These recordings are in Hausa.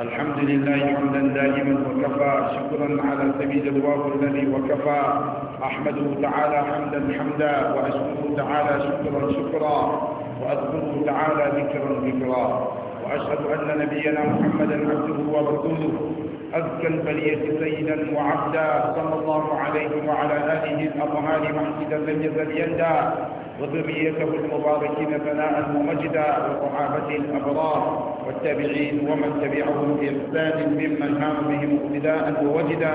الحمد لله حمدا دائما وكفى شكرا على سبيل الواو الذي وكفى احمده تعالى حمدا حمدا واشكره تعالى شكرا شكرا واذكره تعالى ذكرا ذكرا واشهد ان نبينا محمدا عبده ورسوله أزكى البلية سيدا وعبدا صلى الله عليه وعلى آله الأطهار محمدا لم يزل وذريته المباركين ثناء ومجدا وصحابته الأبرار والتابعين ومن تبعهم بإحسان ممن هام بهم اقتداء ووجدا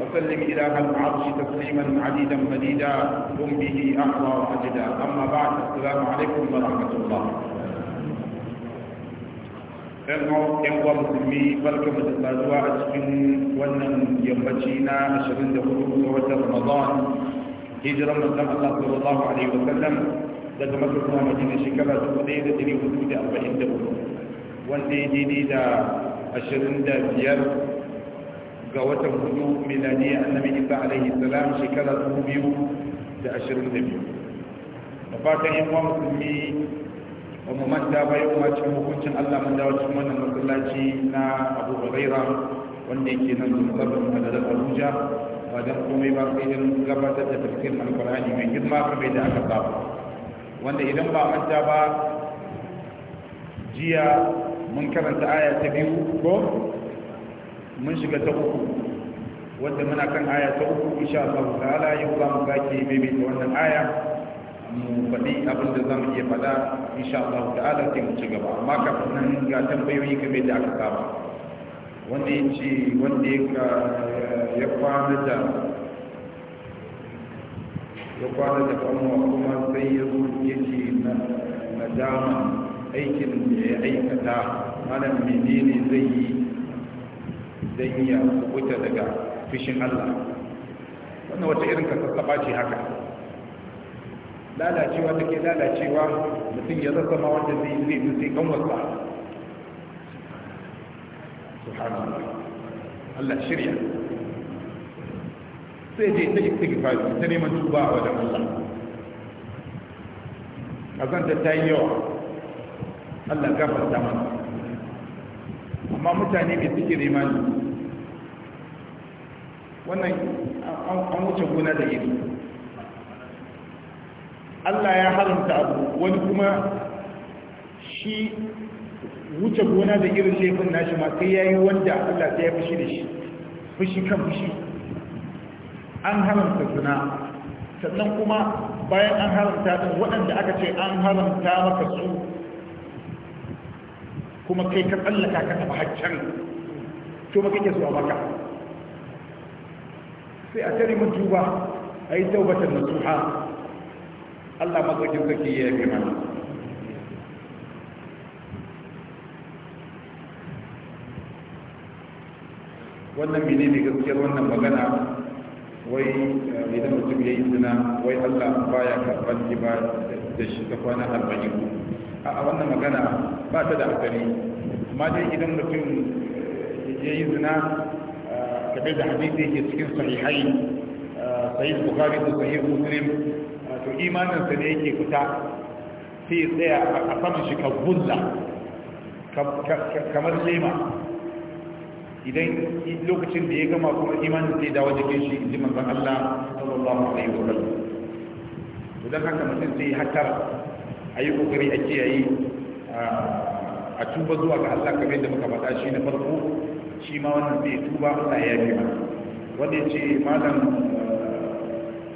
وسلم هذا العرش تسليما عديدا مديدا قم به أحرى وأجدا أما بعد السلام عليكم ورحمة الله yan uwa musulmi barka mu da zuwa a cikin wannan yammaci na 24 ga watan ramadan hijiran manzon Allah sallallahu alaihi wa sallam daga Makka zuwa Madina shekara 1443 wanda ya daidai da 25 ga watan hudu miladiya annabi Isa alaihi salam shekara 2022 da fatan yan uwa musulmi ba manta bai kuma cikin hukuncin Allah mun dawo cikin wannan masallaci na Abu Huraira wanda yake nan da hadarar Abuja ba dan komai ba sai dan gabatar da tafsirin Alqur'ani mai girma kamar da aka ba wanda idan ba manta ba jiya mun karanta aya ta biyu ko mun shiga ta uku wanda muna kan aya ta uku insha Allah ta'ala yau za mu sake mai wannan aya mu faɗi abin da za mu iya faɗa sha Allah ala sai mu ci gaba amma kafin nan ga tambayoyi game da aka saba wanda ya ce wanda ya kwana da ya kwana da kwanwa kuma sai ya zo ya ce na dama aikin da ya aikata malam menene zai yi zai iya kubuta daga fishin Allah wannan wata irin kasassaɓa ce haka lalacewa take lalacewa mutum ya zama ma wanda zai zai bi sai kan wasa subhanallah Allah shirya sai je ta istighfar ta neman tuba a wajen Allah kazanta ta yi yawa Allah gafarta mana amma mutane ne suke nemani wannan an wuce gona da iri Allah ya haramta abu wani kuma shi wuce gona da irin laifin nashi ma sai yayi wanda Allah ta ya fushi da shi fushi kan fushi an haramta zina sannan kuma bayan an haramta din waɗanda aka ce an haramta maka su kuma kai ka tsallaka ka taɓa haccan to maka ke zuwa maka sai a tare mutu ba a yi taubatan nasuha Allah magwajin kake ya yi mana wannan mene ne gaskiyar wannan magana wai eh, idan mutum ya yi suna, wai Allah baya karɓar shi ba da shi ta kwana arba'in a wannan magana ba ta da hankali amma dai idan mutum eh, ya yi suna eh, kafin da hadisi ke cikin sahihai sahih bukhari da sahih muslim to imaninsa ne yake fita sai tsaya a saman shi ka bulla kamar lema idan lokacin da ya gama kuma imanin sai dawo jikin shi inji manzon Allah sallallahu alaihi wa sallam to dan haka mutum sai hatar ayi kokari a kiyaye a tuba zuwa ga Allah kamar yadda muka faɗa shi na farko shi ma wannan zai tuba Allah ya yi mana wanda ya ce malam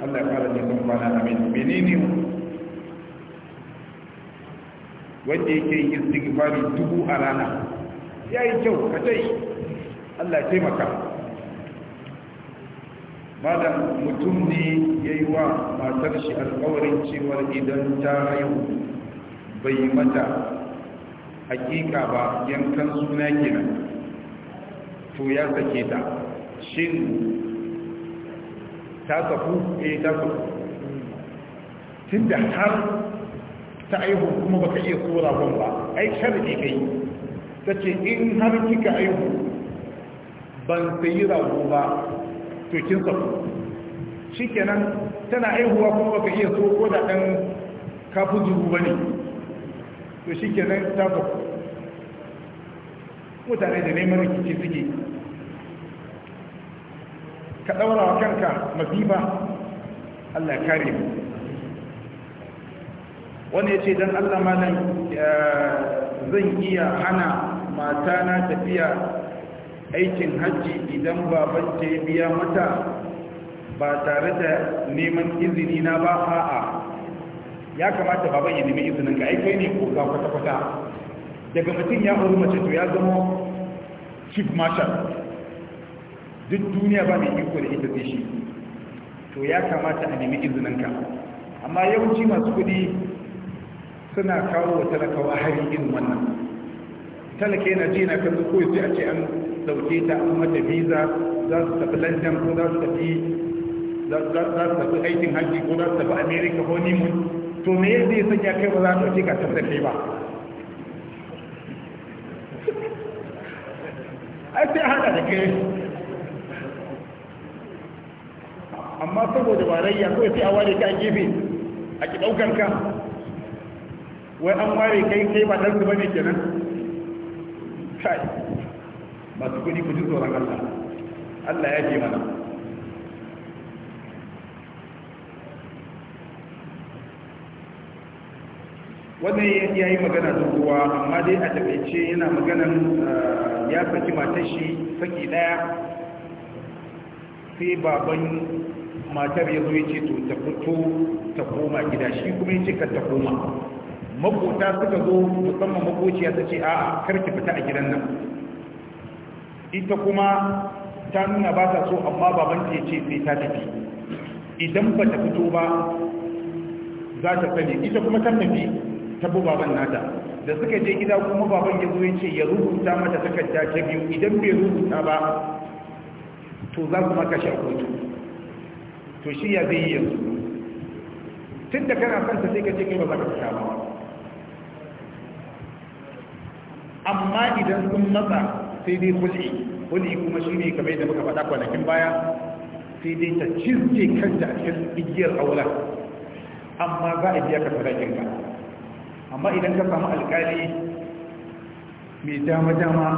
Allah ya fara nisan kwana amin menene wanda yake yin istighfari dubu a rana ya yi kyau ka ce Allah ya taimaka Ba da mutum ne ya yi wa matar shi alkawarin cewar idan ta haihu bai mata hakika ba yankan suna kenan to ya sake ta shin ta kafu eh ta kafu da har ta aihu kuma baka iya kura ban ba ai yi. kai tace in har kika aihu ban sayi rago ba to kin kafu shikenan tana aihuwa kuma baka iya so ko da dan kafu ba bane to shikenan ta kafu mutane da neman rikici suke ka ɗaura wa kanka masifa Allah kare mu wani ya ce don Allah malam zan iya hana matana tafiya aikin hajji idan baban ya biya mata ba tare da neman izini na ba a'a ya kamata baban ya nemi izinin ka aikai ne ko ga kwata-kwata daga mutum ya hori mace to ya zama chief marshal duk duniya ba mai iko da ita shi to ya kamata a nemi izininka amma yawanci masu kuɗi suna kawo wa talakawa hari irin wannan talaka yana ji na kanzu ko sai a ce an dauke ta an mata visa za su tafi london ko za su tafi za su tafi aikin hajji ko za su tafi america nemo to me ya zai sanya kai ba za a dauke ka da kai ba a sai hada da kai saboda barayya kawai sai a ware ka a gefe a ki daukar ka wai an ware kai kai ba dan su kenan kai masu kuɗi ku ji tsoron Allah Allah ya ke mana wannan ya yi magana da kowa amma dai a takaice yana maganan eh, ya saki matashi saki daya sai baban matar ya zo ya ce to ta fito ta koma gida shi kuma ya ce ka ta koma makota suka zo musamman makociya ta ce a'a kar ki fita a gidan nan ita kuma ta nuna ba ta so amma baban ta ce sai ta tafi idan ba ta fito ba za ta sani ita kuma ta tafi ta bu baban nata da suka je gida kuma baban ya zo ya ce ya rubuta mata takarda ta biyu idan bai rubuta ba to za su maka shi a kotu to shi ya zai yi yanzu tun da kana son ta sai ka ce kai ba za ka fita ba amma idan sun matsa sai dai kulle kulle kuma shi ne kamar yadda muka faɗa kwanakin baya sai dai ta cizce kanta a cikin igiyar aula amma za a biya ka sadakin ka amma idan ka samu alƙali mai dama-dama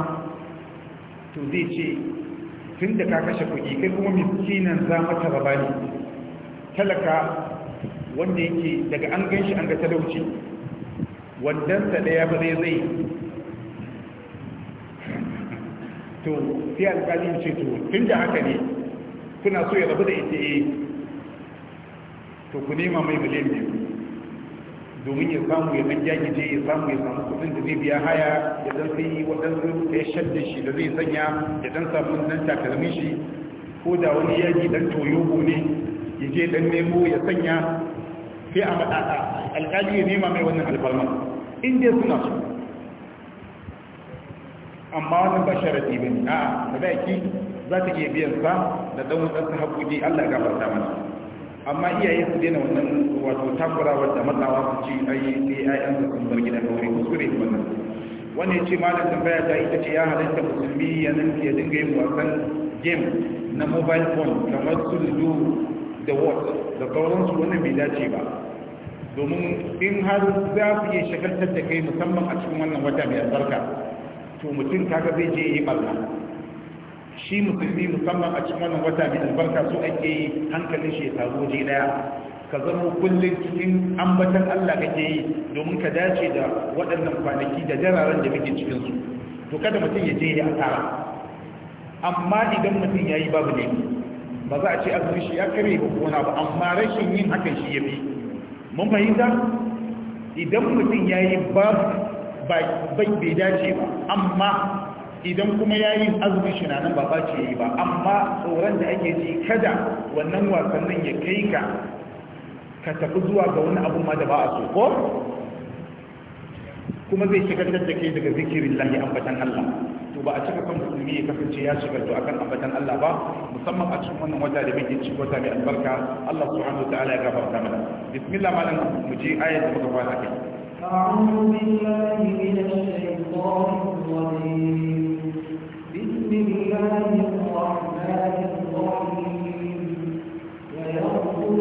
to zai ce tun da ka kashe kuɗi kai kuma miskinan za mata rabani talaka wanda yake daga an ganshi an ga talauci wandansa daya ba zai zai to sai alƙalin ce to tun da haka ne kuna so ya rabu da ita eh to ku nema mai bilin ne domin ya samu ya dan jagije ya samu ya samu kudin da zai biya haya ya dan sai waɗansu ya shadda shi da zai sanya ya dan samu dan takalmin shi ko da wani yaji dan toyo ne ya je dan nemo ya sanya sai a maɗaɗa alƙali ya nema mai wannan alfarmar in dai suna su amma wannan ba sharaɗi ba ne a sadaki za ta iya biyan sa da ɗan wadansa haƙoƙi allah ya gafarta mana amma iyaye su daina wannan wato takurawa da matsawa su ci yi sai ayan sun bar gidan aure kuskure yi wannan Wani ya ce malam tambaya ta ita ce ya halitta musulmi ya ya dinga yin wasan game na mobile phone kamar su ludo da what da sauransu wannan bai dace ba domin in har za su iya shagaltar da kai musamman a cikin wannan wata mai albarka to mutum kaga zai je yi barna shi musulmi musamman a cikin wannan wata mai albarka su ake yi hankalin shi ya taru waje daya ka zama kullum cikin ambatan Allah kake yi domin ka dace da waɗannan kwanaki da jararen da muke cikin su to kada mutum ya je ya tara amma idan mutum ya yi babu ne ba za a ce azumi shi ya kare ba kona ba amma rashin yin hakan shi ya fi mun fahimta idan mutum ya yi bai dace ba amma idan kuma ya yi azumi shi nan ba ba ce yi ba amma tsoron da ake ji kada wannan wasannin ya kai ka ka tafi zuwa ga wani abu ma da ba a so ko kuma zai shigar da kai daga zikirin lahi ambatan Allah ba a cika kan musulmi ya kasance ya shiga to akan ambatan Allah ba musamman a cikin wannan wata da muke ciki wata mai albarka Allah subhanahu wa ta'ala ya gafarta mana bismillah malam mu je ayat da muka fara kai أعوذ بالله من الشيطان الرجيم بسم الله الرحمن الرحيم ويرزقه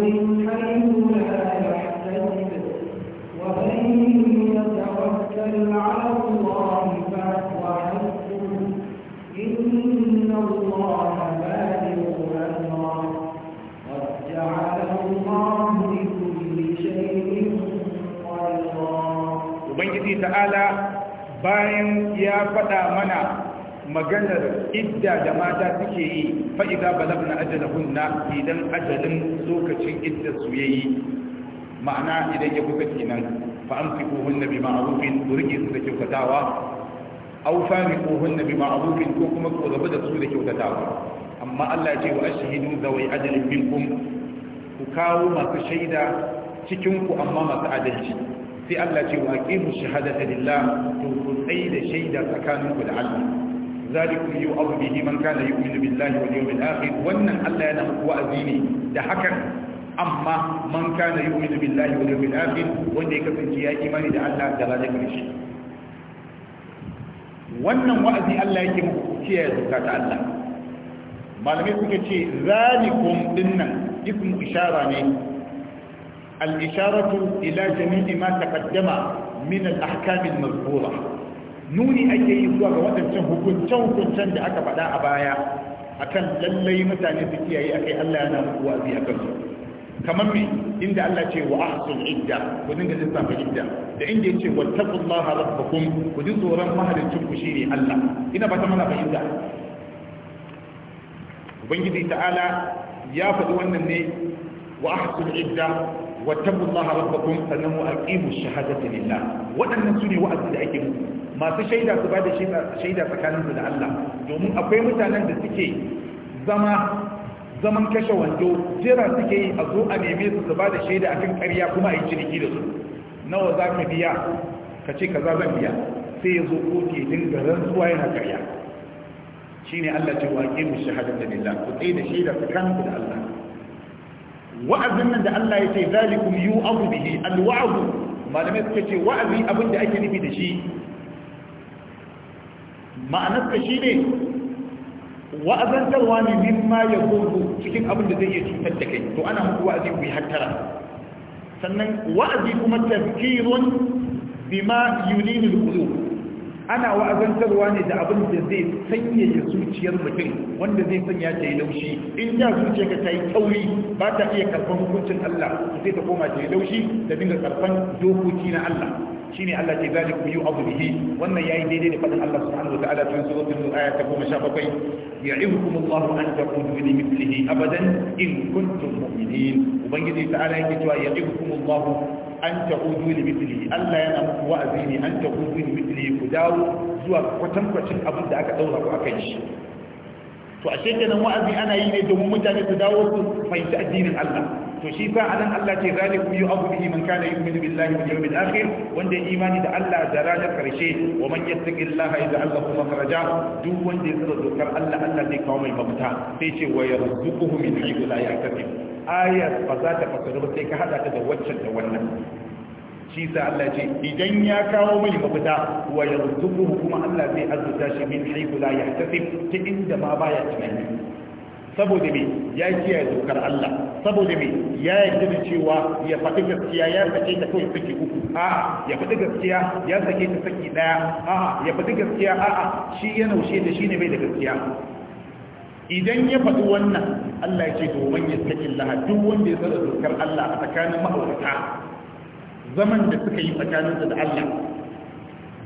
من حيث لا يحتسب ومن يتوكل على الله فهو ubangiji ta'ala bayan ya faɗa mana maganar idda da mata suke yi fa'iza balabna ajalahunna idan ajalin lokacin idda su yi, ma'ana idan ya kusa kenan fa amsiku hunna bi ma'rufin burge su da kyautatawa aw famiquhunna bi ma'rufin ko kuma ku zaba da su da kyautatawa amma Allah ya ce wa ashhadu zawai ajalin minkum ku kawo masu shaida cikin ku amma masu adalci sai Allah ya ce wa aqimu shahadata lillah to ku tsayi da shaida tsakaninku da Allah zalikum yu'adhu bihi man kana yu'minu billahi wal yawmil akhir wannan Allah yana muku wa'azi ne da hakan amma man kana yu'minu billahi wal yawmil akhir wanda ya kasance ya imani da Allah da ranar karshe wannan wa'azi Allah yake muku kiyaye zakka ta Allah malamai suka ce zalikum dinnan ismu ishara ne al-isharatu ila jami'i ma taqaddama min al-ahkam al-mazkura nuni ake yi zuwa ga wadancan hukuncen hukuncen da aka faɗa a baya akan lallai mutane su kiyaye akai Allah yana muku wa'azi akan su kamar me inda Allah ce wa ahsul idda ku dinga lissafa idda da inda yace wattaqullaha rabbakum ku ji tsoron mahalicin ku shine Allah ina ba ta mana fahimta ubangiji ta'ala ya faɗi wannan ne wa ahsul idda wattaqullaha rabbakum sannan wa aqimu shahadata lillah waɗannan sune wa'azi da ake muku masu shaida su ba da shaida tsakaninsu da Allah domin akwai mutanen da suke zama zaman kashe wando jira suke yi a zo a neme su su ba da shaida a akan ƙarya kuma a yi ciniki da su nawa za ka biya ka ce kaza zan biya sai ya zo kotu ya dinga rantsuwa yana karya ne Allah ce wa aqimu shahadata lillah ku tsaye da shaida tsakaninku da Allah wa'azin nan da Allah ya ce zalikum abu bihi al-wa'd malamai suka ce wa'azi abin da ake nufi da shi ma'anar ka ne? wa'azantarwa ne mimma ya gogo cikin abin da zai iya cutar da kai to ana muku wa'azi ku yi hattara sannan wa'azi kuma tafkirun bima yulinul ana wa'azantarwa ne da abin da zai sanyaya zuciyar mutum wanda zai sanya ta yi laushi in da zuciya ka ta yi tauri ba ta iya karfan hukuncin Allah sai ta koma ta yi laushi da dinga karfan dokoki na Allah shine Allah ke zali ku yu'adhu bihi wannan yayi daidai da fadin Allah subhanahu wa ta'ala cikin suratul nur aya ta 17 ya'idukum Allah an taqulu li mithlihi abadan in kuntum mu'minin ubangiji ta'ala yake cewa ya'idukum Allah an ta'udu li mithlihi Allah yana muku wa'azi ne an ta'udu li mithlihi ku dawo zuwa kwatankwacin abin da aka daura ku akan shi to ashe kenan wa'azi ana yi ne domin mutane su dawo su fahimci addinin Allah to shi sa anan Allah ce zalikum yu'adhu bihi man kana yu'minu billahi wal yawmil akhir wanda ya imani da Allah da ranar karshe wa man yattaqillaha yaj'al lahu makhraja duk wanda ya tsara dokar Allah Allah zai kawo mai mafita sai ce wa yarzuquhu min haythu la yahtasib ayat ba za ta fasaru sai ka hada ta da waccan da wannan shi sa Allah ce idan ya kawo mai mafita wa yarzuquhu kuma Allah zai azzuta shi min haythu la yahtasib ta inda ma baya tunani saboda me ya kiyaye dokar Allah saboda me ya yarda da cewa ya faɗi gaskiya ya sake ta kawai saki uku a ya faɗi gaskiya ya sake ta saki ɗaya, a ya faɗi gaskiya a a shi ya naushe da shi ne bai da gaskiya idan ya faɗi wannan Allah ya ce domin ya saki laha duk wanda ya tsara dokar Allah a tsakanin ma'aurata zaman da suka yi tsakaninsa da Allah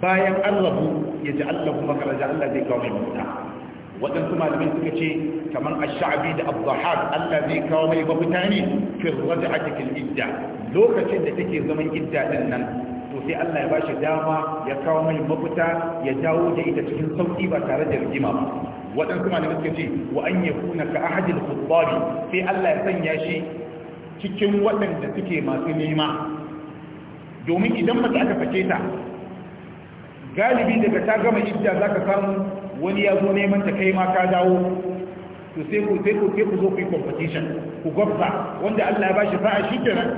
bayan an rabu ya ji Allah kuma karaja Allah zai kawo mai mafita waɗansu malamin suka ce kamar a sha'abi da abdahar Allah zai kawo mai mafita ne da raj'atikil idda lokacin da take zaman idda din nan to sai Allah ya bashi dama ya kawo mai mafita ya dawo da ita cikin sauki ba tare da rigima ba waɗansu malamin suka ce wa an yakuna ka ahadil khuddabi sai Allah ya sanya shi cikin waɗanda suke masu nema domin idan mace aka fice ta galibi daga ta gama idda zaka samu wani ya zo neman ta kai ma ka dawo to sai ku sai ku ku zo ku yi competition ku gwabza wanda Allah ya bashi sa'a shi kenan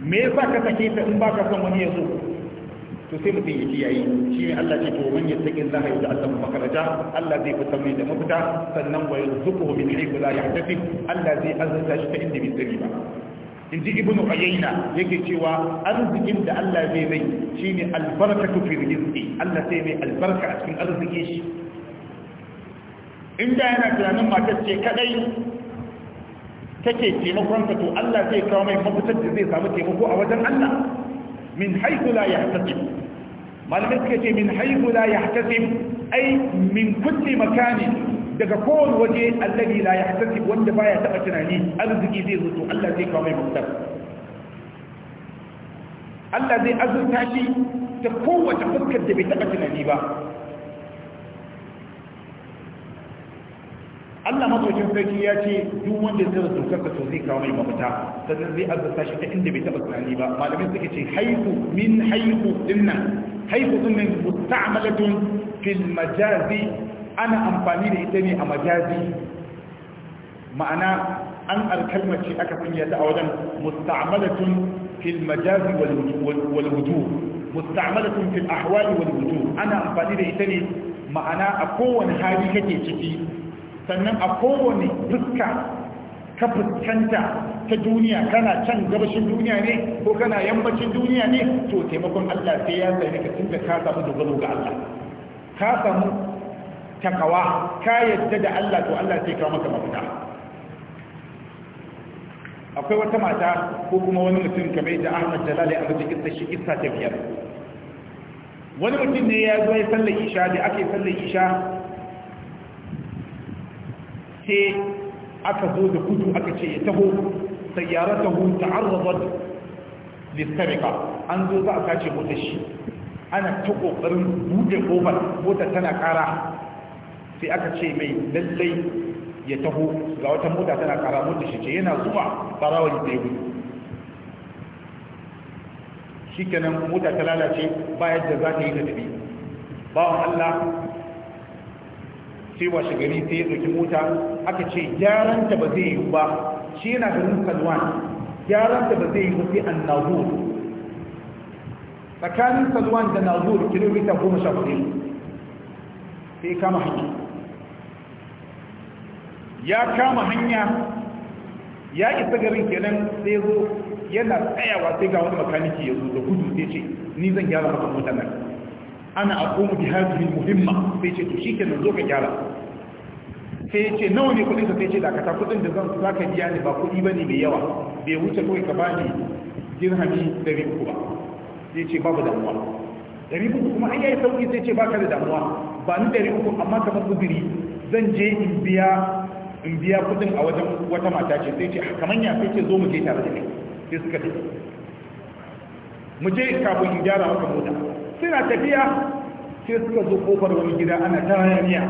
me yasa ka sake ta in baka son wani ya zo to sai mutum ya kiyaye shi ne Allah ce to man yattaqillaha yaj'al lahu makhraja Allah zai fitar mai da mafita sannan wa yarzuquhu min haythu la yahtasib Allah zai azza shi ta inda bai sani ba in ji ibn uyayna yake cewa arzikin da Allah zai mai shine albarkatu fi rizqi Allah sai mai albarka a cikin arziki shi inda yana tunanin matar ce kadai take taimakon ka to Allah zai kawo mai mafitar da zai samu taimako a wajen Allah min haihu la ya yahtasib malamai suka ce min haihu la ya yahtasib ai min kulli makani daga kowane waje allazi la yahtasib wanda baya taba tunani arziki zai zo Allah zai kawo mai mutar Allah zai azurta shi ta kowace fuskar da bai taba tunani ba Allah madaukin sarki ya ce duk wanda zai tsara dokar ka to zai kawo mai mafita sannan zai azurta shi ta inda bai taba tunani ba malamin suka ce haihu min haihu dinnan haihu min musta'malatun fil majazi ana amfani da ita ne a majazi ma'ana an alkalmar aka sanya ta a wajen musta'amalatun fil majazi wal wujuh musta'amalatun fil ahwali wal ana amfani da ita ne ma'ana a kowane hali kake ciki sannan a kowane fuska ka fuskanta ta duniya kana can gabashin duniya ne ko kana yammacin duniya ne to taimakon Allah sai ya tsaye ka tunda ka samu dogaro ga Allah ka samu takawa ka yadda da Allah to Allah sai kawo maka mafita akwai wata mata ko kuma wani mutum kamar da Ahmad Jalali a mutum kissa shi kissa ta biyar wani mutum ne ya zo ya sallar isha da ake sallar isha sai aka zo da kudu aka ce ya taho sayyaratahu ta'arradat lisarika an zo za a kace motar shi ana ta ƙoƙarin buɗe kofar motar tana kara sai aka ce mai lallai ya taho ga wata mota tana kara mota shi ce yana zuwa barawar da ya gudu shi kenan mota ta lalace ba yadda za ta yi ta tafi bawan Allah sai washe gari sai ya ɗauki mota aka ce gyaranta ba zai yi ba shi yana garin salwan gyaranta ba zai yi ba sai an nazur tsakanin salwan da nazur kilomita goma sha hudu sai kama hanyar ya kama hanya ya isa garin kenan sai zo yana tsayawa sai ga wani makaniki ya zo da gudu sai ce ni zan gyara maka mota nan ana aqumu bi hadhihi muhimma sai ce to shikenan zo ka gyara sai ya ce nawa ne kudin ka sai ce dakata kudin da zan zaka biya ni ba kudi bane mai yawa bai wuce kawai ka bani dirhami 300 ba sai ce babu damuwa 300 kuma ai yi sauki sai ce baka da damuwa ba ni 300 amma kamar kudiri zan je in biya in biya kudin a wajen wata mata ce sai ce ah, kamar ya sai ce zo mu je tare da kai sai suka ce mu je kafin in gyara maka mota suna tafiya sai suka zo kofar wani gida ana ta hayaniya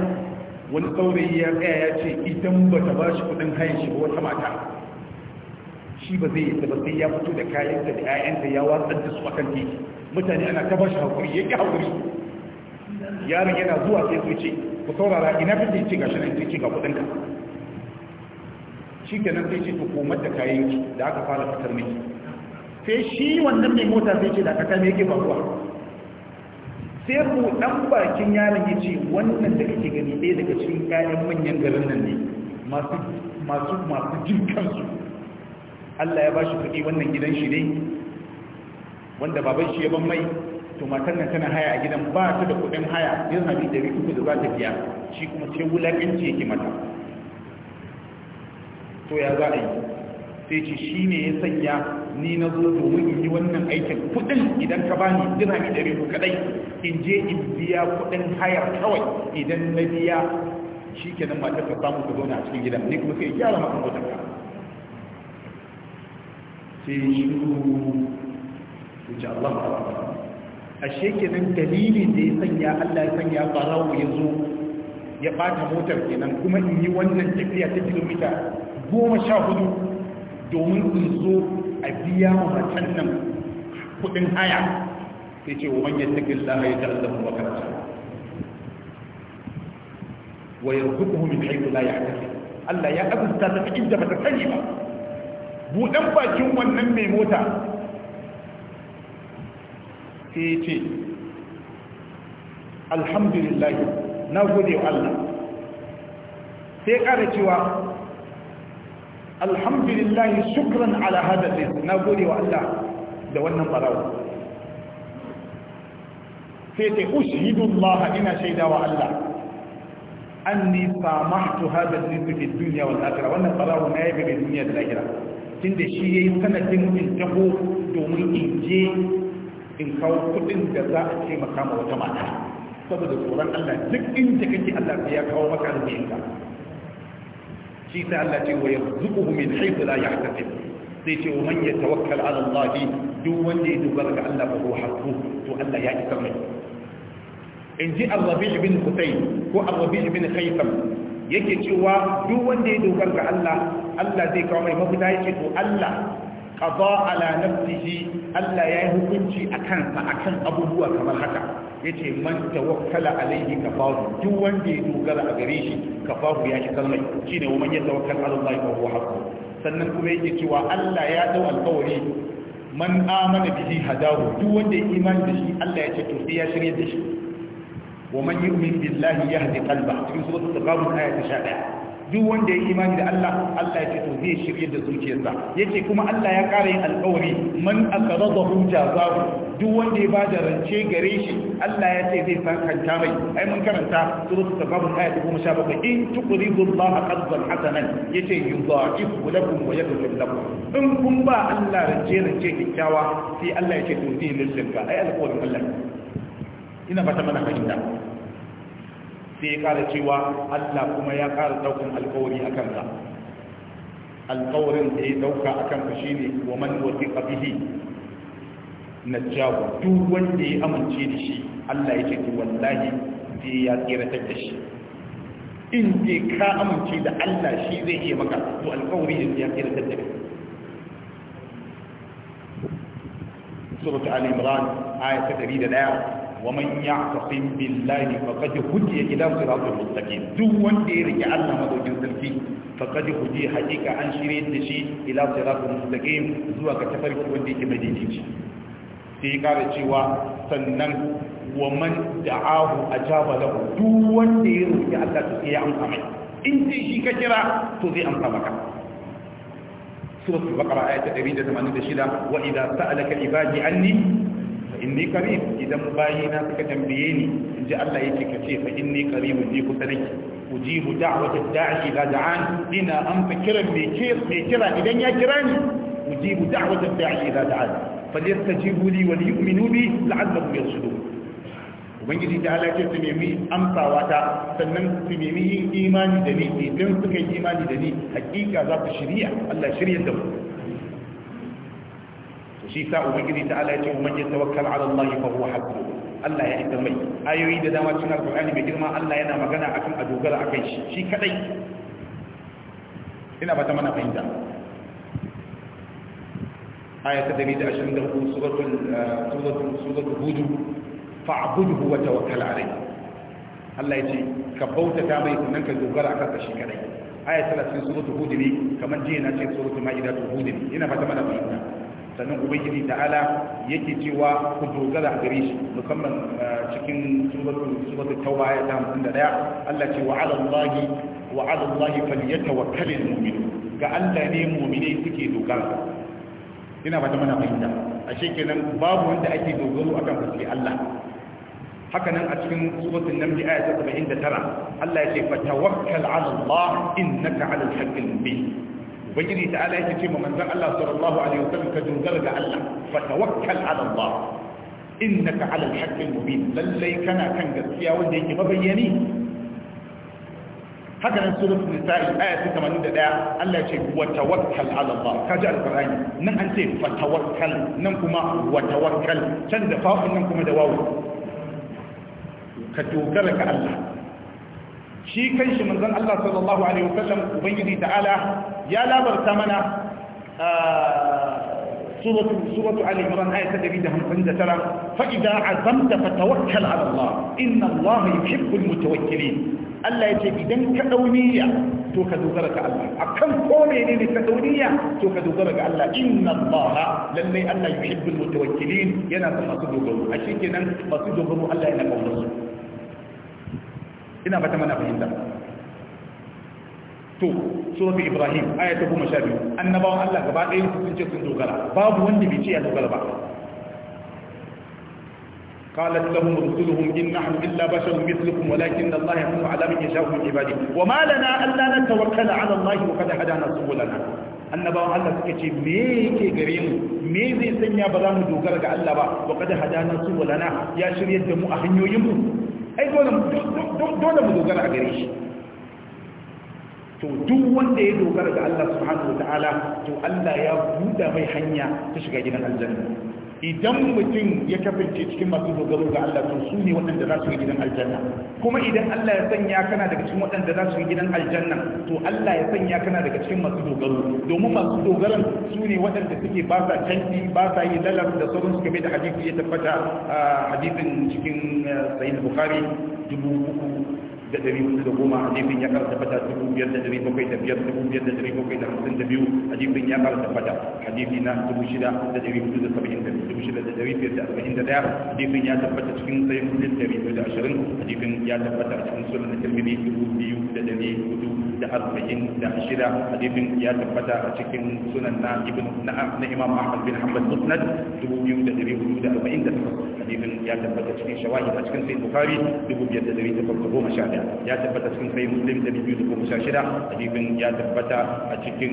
wani saurayi ya tsaya ya ce idan ba ta ba shi kudin hayan shi ba wata mata shi ba zai yi ba sai ya fito da kayan da 'ya'yanta ya watsar da su akan titi mutane ana ta ba shi hakuri ya ƙi hakuri yaron yana zuwa sai su ce ku saurara ina fitin ce gashi nan ce ga ka shi kenan sai ce to komar da kayan ki da aka fara fitar miki sai shi wannan mai mota sai ce da aka kame yake faruwa sai ku dan bakin yaron ya ce wannan da kake gani ɗaya daga cikin kayan manyan garin nan ne masu masu masu jin kansu Allah ya bashi kuɗi wannan gidan shi ne wanda baban shi ya ban mai to matan nan tana haya a gidan ba ta da kuɗin haya yanzu habi da rikin da za ta biya shi kuma sai wulaƙanci yake mata to ya za a yi sai ce shi ne ya sanya ni na zo domin in yi wannan aikin kudin idan ka bani dirami ɗari ku kadai in je in biya kudin hayar kawai idan na biya shi kenan matar ka samu ka zauna a cikin gidan ne kuma sai gyara maka ka. sai shi wuce Allah ta ashe kenan dalilin da ya sanya Allah ya sanya barawo ya zo ya bata motar kenan kuma in yi wannan tafiya ta kilomita goma sha hudu domin in zo a biya wa matan nan kudin haya sai ce wa manyan takin lama ya tarar da kuma wa yi rukuku min haythu la yahtasib Allah ya azurta ta inda bata sani ba Buɗan bakin wannan mai mota sai ce alhamdulillah na gode wa Allah sai ƙara cewa Alhamdulillahi shukran ala hadathis na gode wa Allah da wannan barawo sai ta ina shaidawa Allah anni samahtu hadha dhikr fi dunya wal wannan barawo na yabi duniya da lahira tunda shi yi sanadin in taho domin in je in kawo kudin da za a ce maka wata mata saboda tsoron Allah duk inda kake Allah ya kawo maka arzikin shi sai Allah ce wa yarzuquhu min haythu la yahtasib sai ce wa man yatawakkal ala Allah duk wanda ya dogara ga Allah ba ruwa hakku to Allah ya isa mai in ji Arabi ibn Qutay ko Arabi ibn Khaytham yake cewa duk wanda ya dogara ga Allah Allah zai kawo mai mafita yake to Allah qada ala nafsihi Allah ya yi hukunci akan sa akan abubuwa kamar haka yace man tawakkala alaihi kafafu. duk wanda ya dogara a gare shi kafafu ya shi kalmai shine wa man ya tawakkal ala Allah fa huwa sannan kuma yake cewa Allah ya dau alƙawari man amana bihi hadahu duk wanda ya imani da shi Allah ya ce to sai ya shirya da shi wa man yu'min billahi yahdi qalbahu cikin suratul taqabun ayat 11 duk wanda ya imani da Allah Allah ya ce to zai shirye da zuciyarsa ce kuma Allah ya ƙara yin alƙawari man aqradahu jazahu duk wanda ya bada rance gare shi Allah ya ce zai sakanta mai ai mun karanta suratul tafsir ayat 17 in tuqridu Allah qardan hasanan yace yudha'ifu lakum wa yaghfir lakum in kun ba Allah rance rance kikkiawa sai Allah ya ce to zai lissinka ai alƙawarin Allah ina fata mana fahimta sai ya kara cewa Allah kuma ya kara daukan alkawari a kansa alkawarin da ya dauka a shi ne wa man wasiqa bihi najjahu duk wanda ya amince da shi Allah ya ce wallahi sai ya tsiratar da shi in dai ka amince da Allah shi zai iya maka to alkawari da ya tsiratar da kai سورة آل عمران آية 101 ومن يعتصم بالله فقد هدي الى صراط المستقيم دو وند يرجع الله مدوجين سلكي فقد هدي حقيقه ان شريت شيء الى صراط المستقيم زوا كتفرق وند يجي مدينتي sai ya cewa sannan wa man da'ahu ajaba lahu duk wanda ya roki Allah to sai ya amsa in dai shi ka kira to zai amsa maka anni inni qarib idan bayina suka tambaye ni inji Allah yake kace fa inni qarib ji ku nake ujibu da'wata da'i la da'an ina amsa kiran mai kira mai kira idan ya kira ni ujibu da'wata da'i la da'an falyastajibu li wa liyu'minu bi la'allahum yarshudun ubangiji ta halace su nemi amsawa ta sannan su nemi yin imani da ni idan suka yi imani da ni hakika za ku shirya Allah shirya da mu shi sa ubangiji ta ala ya ce umman yatawakkal ala Allah fa huwa Allah ya isa mai ayoyi da dama cikin alqur'ani mai girma Allah yana magana akan a dogara akan shi shi kadai ina ba ta mana fahimta آية تدريد أشهده سورة سورة سورة هود فاعبده وتوكل عليه الله يجي كبوت تامي إنك دوغر أكثر شيء كذي آية ثلاث سورة هود لي كمان جينا شيء سورة مائدة هود لي إنا mana fahimta. sannan ubangiji ta'ala yake cewa ku dogara gare shi musamman eh, cikin suratul tauba ya ta hamsin da 51 Allah ce wa 'ala Allahi wa kalin muminu. ga Allah ne mu'mine suke dogara ina ba ta mana fahimta ashe kenan babu wanda ake dogaro akan fuske Allah haka nan a cikin suratul naml ayat 79 Allah ya ce fatawakkal 'ala Allah innaka 'alal haqqil mubin ubangiji ta ala yake ce ma manzon Allah sallallahu alaihi wasallam ka dogara ga Allah fa tawakkal ala Allah innaka ala al-haqqi al-mubin lallai kana kan gaskiya wanda yake mabayyani haka nan suratul nisa'i aya ta 81 Allah ce wa tawakkal ala Allah kaji alqur'ani nan an ce fa tawakkal nan kuma wa tawakkal can da fa'un nan kuma da wawu ka dogara ga Allah shi kan kanshi manzon Allah sallallahu alaihi wasallam ubangiji ta'ala ya labarta mana suratu suratu ali imran ayat 159 Fa'ida idza azamta fatawakkal ala Allah inna Allah yuhibbul mutawakkilin Allah yace idan ka dauniya to ka dogara ga Allah akan ko ne ne ka dauniya to ka dogara ga Allah inna Allah lalle Allah yuhibbul mutawakkilin yana son masu dogaro a shi kenan masu dogaro Allah yana kaunar su ina ba ta mana fahimta to surat ibrahim ayatu kuma sha biyu annabawan allah gaba ɗaya su sun ce sun dogara babu wanda bai ce ya dogara قالت لهم رسلهم إن نحن إلا بشر مثلكم ولكن الله يحكم على من يشاء من عباده وما لنا ألا نتوكل على الله وقد هدانا سبلنا أن بابا الله سكتي ميك غريم ميزي سنيا برام دوغر قال الله وقد هدانا سبلنا يا شريد دمو أهنيو يمو ai dole mu dogara a gare shi to duk wanda ya dogara ga Allah subhanahu wataala to Allah ya buda mai hanya ta shiga gidan aljanna idan mutum ya kafirce cikin masu dogaro ga Allah to su ne waɗanda za su yi gidan aljanna kuma idan Allah ya sanya kana daga cikin waɗanda za su yi gidan aljanna to Allah ya sanya kana daga cikin masu dogaro domin masu dogaron su ne waɗanda suke ba sa canji ba sa yi lalar da sauran suka bai da hadisi ya tabbata hadisin cikin eh, sahih bukhari dubu uku da dari hudu da goma hadisin ya karanta fata dubu biyar da dari bakwai da biyar dubu biyar da dari bakwai da hamsin da biyu hadisin ya karanta fata hadisi na dubu shida da dari hudu da saba'in da dubu shida da dari biyar da arba'in da daya hadisin ya tabbata cikin sayin da dari biyu da ashirin hadisin ya tabbata cikin sunan da tirmidhi dubu biyu da dari hudu da arba'in da shida hadisin ya tabbata a cikin sunan na ibn na imam ahmad bin hanbal musnad dubu biyu da dari hudu da arba'in da takwas hadisin ya tabbata cikin shawahi a cikin sai bukari dubu biyar da dari takwas da goma sha ɗaya ya tabbata cikin sai muslim da biyu da goma sha shida hadisin ya tabbata a cikin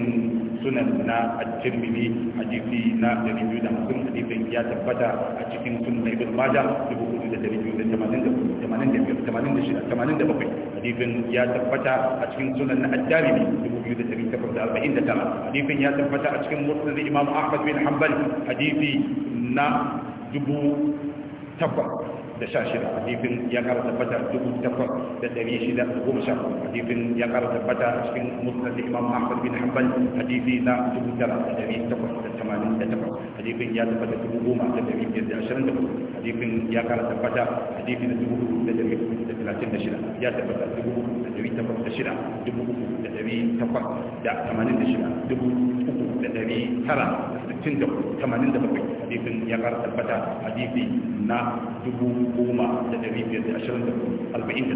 sunan na at-tirmidhi hadisi na dari biyu da hamsin hadisin ya tabbata a cikin sunan ibn majah dubu hudu da dari biyu da tamanin da tamanin da biyar tamanin da shida tamanin da bakwai hadisin ya tabbata a cikin sunan sunan na addarimi 2849 hadisin ya tabbata a cikin musnad imam ahmad bin hanbal hadisi na dubu takwas da sha shida Hadifin ya kara tabbata dubu takwas da ɗari shida da goma sha Hadifin ya kara tabbata a cikin musnad imam ahmad bin hanbal hadisi na dubu tara da ɗari takwas da tamanin da takwas Hadifin ya tabbata dubu goma da ɗari biyar da ashirin da hudu Hadifin ya kara tabbata hadisi na dubu hudu da ɗari da talatin da shida ya tabbata dubu hudu da ɗari takwas da shida dubu uku da ɗari takwas da tamanin da shida dubu uku da ɗari tara da sittin da tamanin da bakwai hadisin ya kara tabbata hadisi na dubu goma da dari biyar da ashirin da arba'in da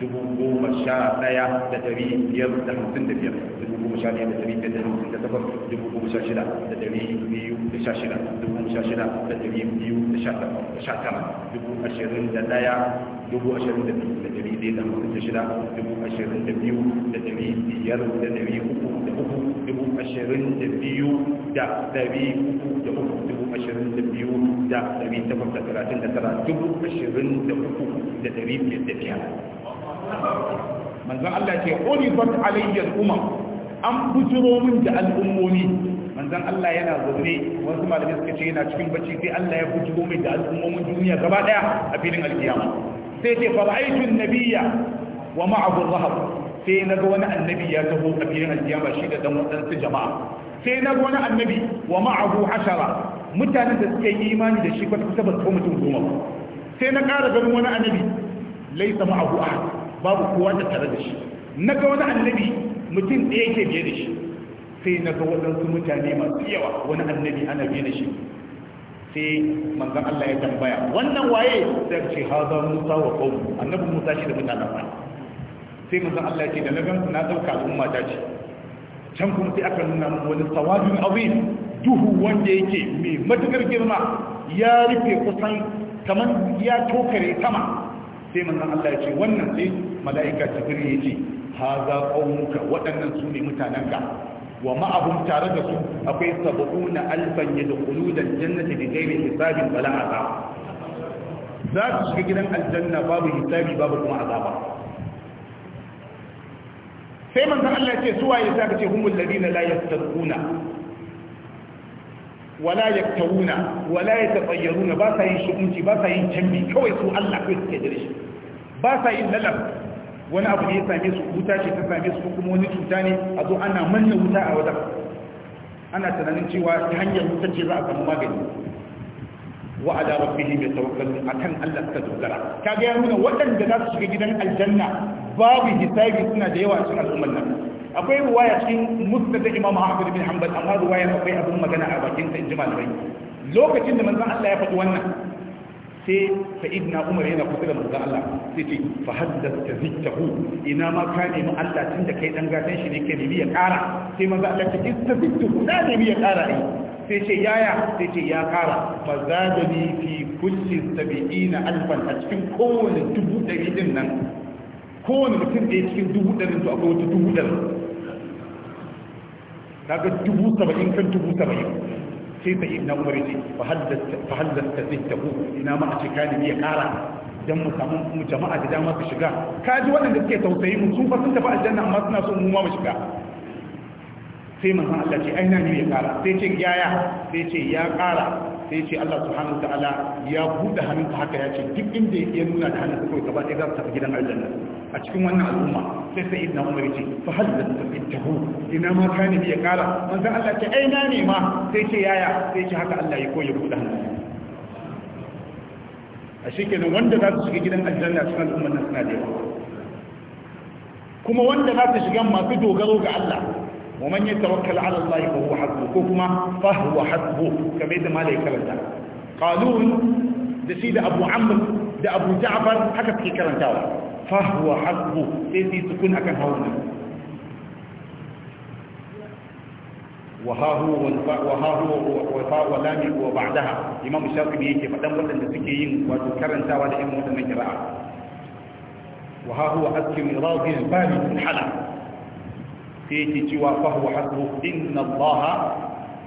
dubu goma sha ɗaya da dari biyar da hamsin da biyar dubu goma sha daya da dari biyar da hamsin da takwas dubu goma sha shida da dari biyu da sha shida dubu goma sha shida da dari biyu da sha tara dubu ashirin da ɗaya dubu ashirin da biyu da ɗari ɗaya da shida dubu ashirin da biyu da ɗari biyar da ɗari uku da uku dubu ashirin da biyu da ɗari uku da uku dubu ashirin da biyu da ɗari takwas da da tara dubu ashirin da uku da ɗari biyar da manzan Allah ce orifat alayyar kuma an bujiro min da al'ummomi manzan Allah yana zaune wasu malamai suka ce yana cikin bacci sai Allah ya bujiro min da al'ummomin duniya gaba daya a filin alkiyama sai ce fara'aitun nabiyya wa ma'abu rahab sai na ga wani annabi ya taho a filin alkiyama shi da dan wadansu jama'a sai na ga wani annabi wa ma'abu ashara mutanen da suka yi imani da shi kwata kusa ba su mutum goma sai na ƙara ganin wani annabi laisa ma'abu ahad babu kowa da tare da shi na ga wani annabi mutum ɗaya ke biye da shi sai na ga waɗansu mutane masu yawa wani annabi ana biye da shi sai manzon Allah ya tambaya wannan waye sai ce haza Musa wa qawm annabin Musa shi da mutanen sa sai manzon Allah ya ce da na ganku na dauka al'umma ta ce can kuma sai aka nuna mu wani sawadun azim duhu wanda yake mai matuƙar girma ya rufe kusan kamar ya tokare sama sai manzon Allah ya ce wannan sai mala'ika ta ya ce haza qaumuka waɗannan su ne mutanenka wa ma'ahum tare da su akwai saba'una alfan yadkhulunan jannati bi ghairi hisabin wala azab za su shiga gidan aljanna babu hisabi babu kuma azaba sai manzon Allah ya ce suwaye za ka ce humul ladina la yastaquna wala yaktawuna wala yatafayyaruna ba sa yin shukunci ba sa yin canbi kawai su Allah kai suke dare shi ba sa yin lalab wani abu ne ya same su wuta ce ta same su kuma wani cuta ne a zo ana manna wuta a wajen ana tunanin cewa ta hanyar wuta ce za a samu magani wa ala rabbihim a kan Allah ta dogara Ta gaya nuna waɗanda za su shiga gidan aljanna babu hisabi suna da yawa cikin al'ummar nan akwai ruwaya cikin musnad Imam Ahmad bin Hanbal amma ruwaya akwai abin magana a bakin in ji malamai lokacin da manzon Allah ya faɗi wannan sai sayyidina umar yana kusa da manzon Allah sai ce fa haddatha ziktahu ina ma ka nemi Allah tun da kai dan gatan shi ne ka nemi ya kara sai manzon Allah ta kista ziktahu da nemi ya kara ai sai ce yaya sai ce ya kara fa zadani fi kulli 70 alfan a cikin kowane dubu ɗari din nan kowane mutum ɗaya cikin dubu ɗarin to akwai wata dubu ɗarin kaga dubu saba'in kan dubu saba'in sai sai na umar ce fa haddasta zai tafi ina ma a ce kalibi ya kara don mu samu mu jama'a da dama su shiga ka ji waɗanda suke tausayi mu sun fa sun tafi aljanna amma suna son mu ma mu shiga sai manzon Allah ce aina ne ya kara sai ce yaya sai ce ya kara sai ce Allah subhanahu ta'ala ya buɗe hannunsa haka ya ce duk inda ya nuna da hannun kawai gaba ɗaya za ta tafi gidan aljanna a cikin wannan al'umma sai sai idna umar ce fa hal da tafi tahu ina ma ka ne ya kara manzon Allah ce ai na ne ma sai ce yaya sai ce haka Allah ya koyi buɗe hannunsa. a shikenan wanda za su shiga gidan aljanna cikin al'umman nan suna da yawa kuma wanda za su shiga masu dogaro ga Allah wa man yatawakkal ala Allah fa huwa hasbuh ko kuma fa huwa hasbuh kamar da malai karanta qalun da shi da Abu Amr da Abu Ja'far haka suke karantawa fa huwa sai والفاء وها والفاء ولام وبعدها امام الشافعي yake fadan wadanda suke yin wato karantawa da imam wannan qira'a وها هو اذكر راضي البالي الحلم sai yake cewa fahu hasbu inna Allah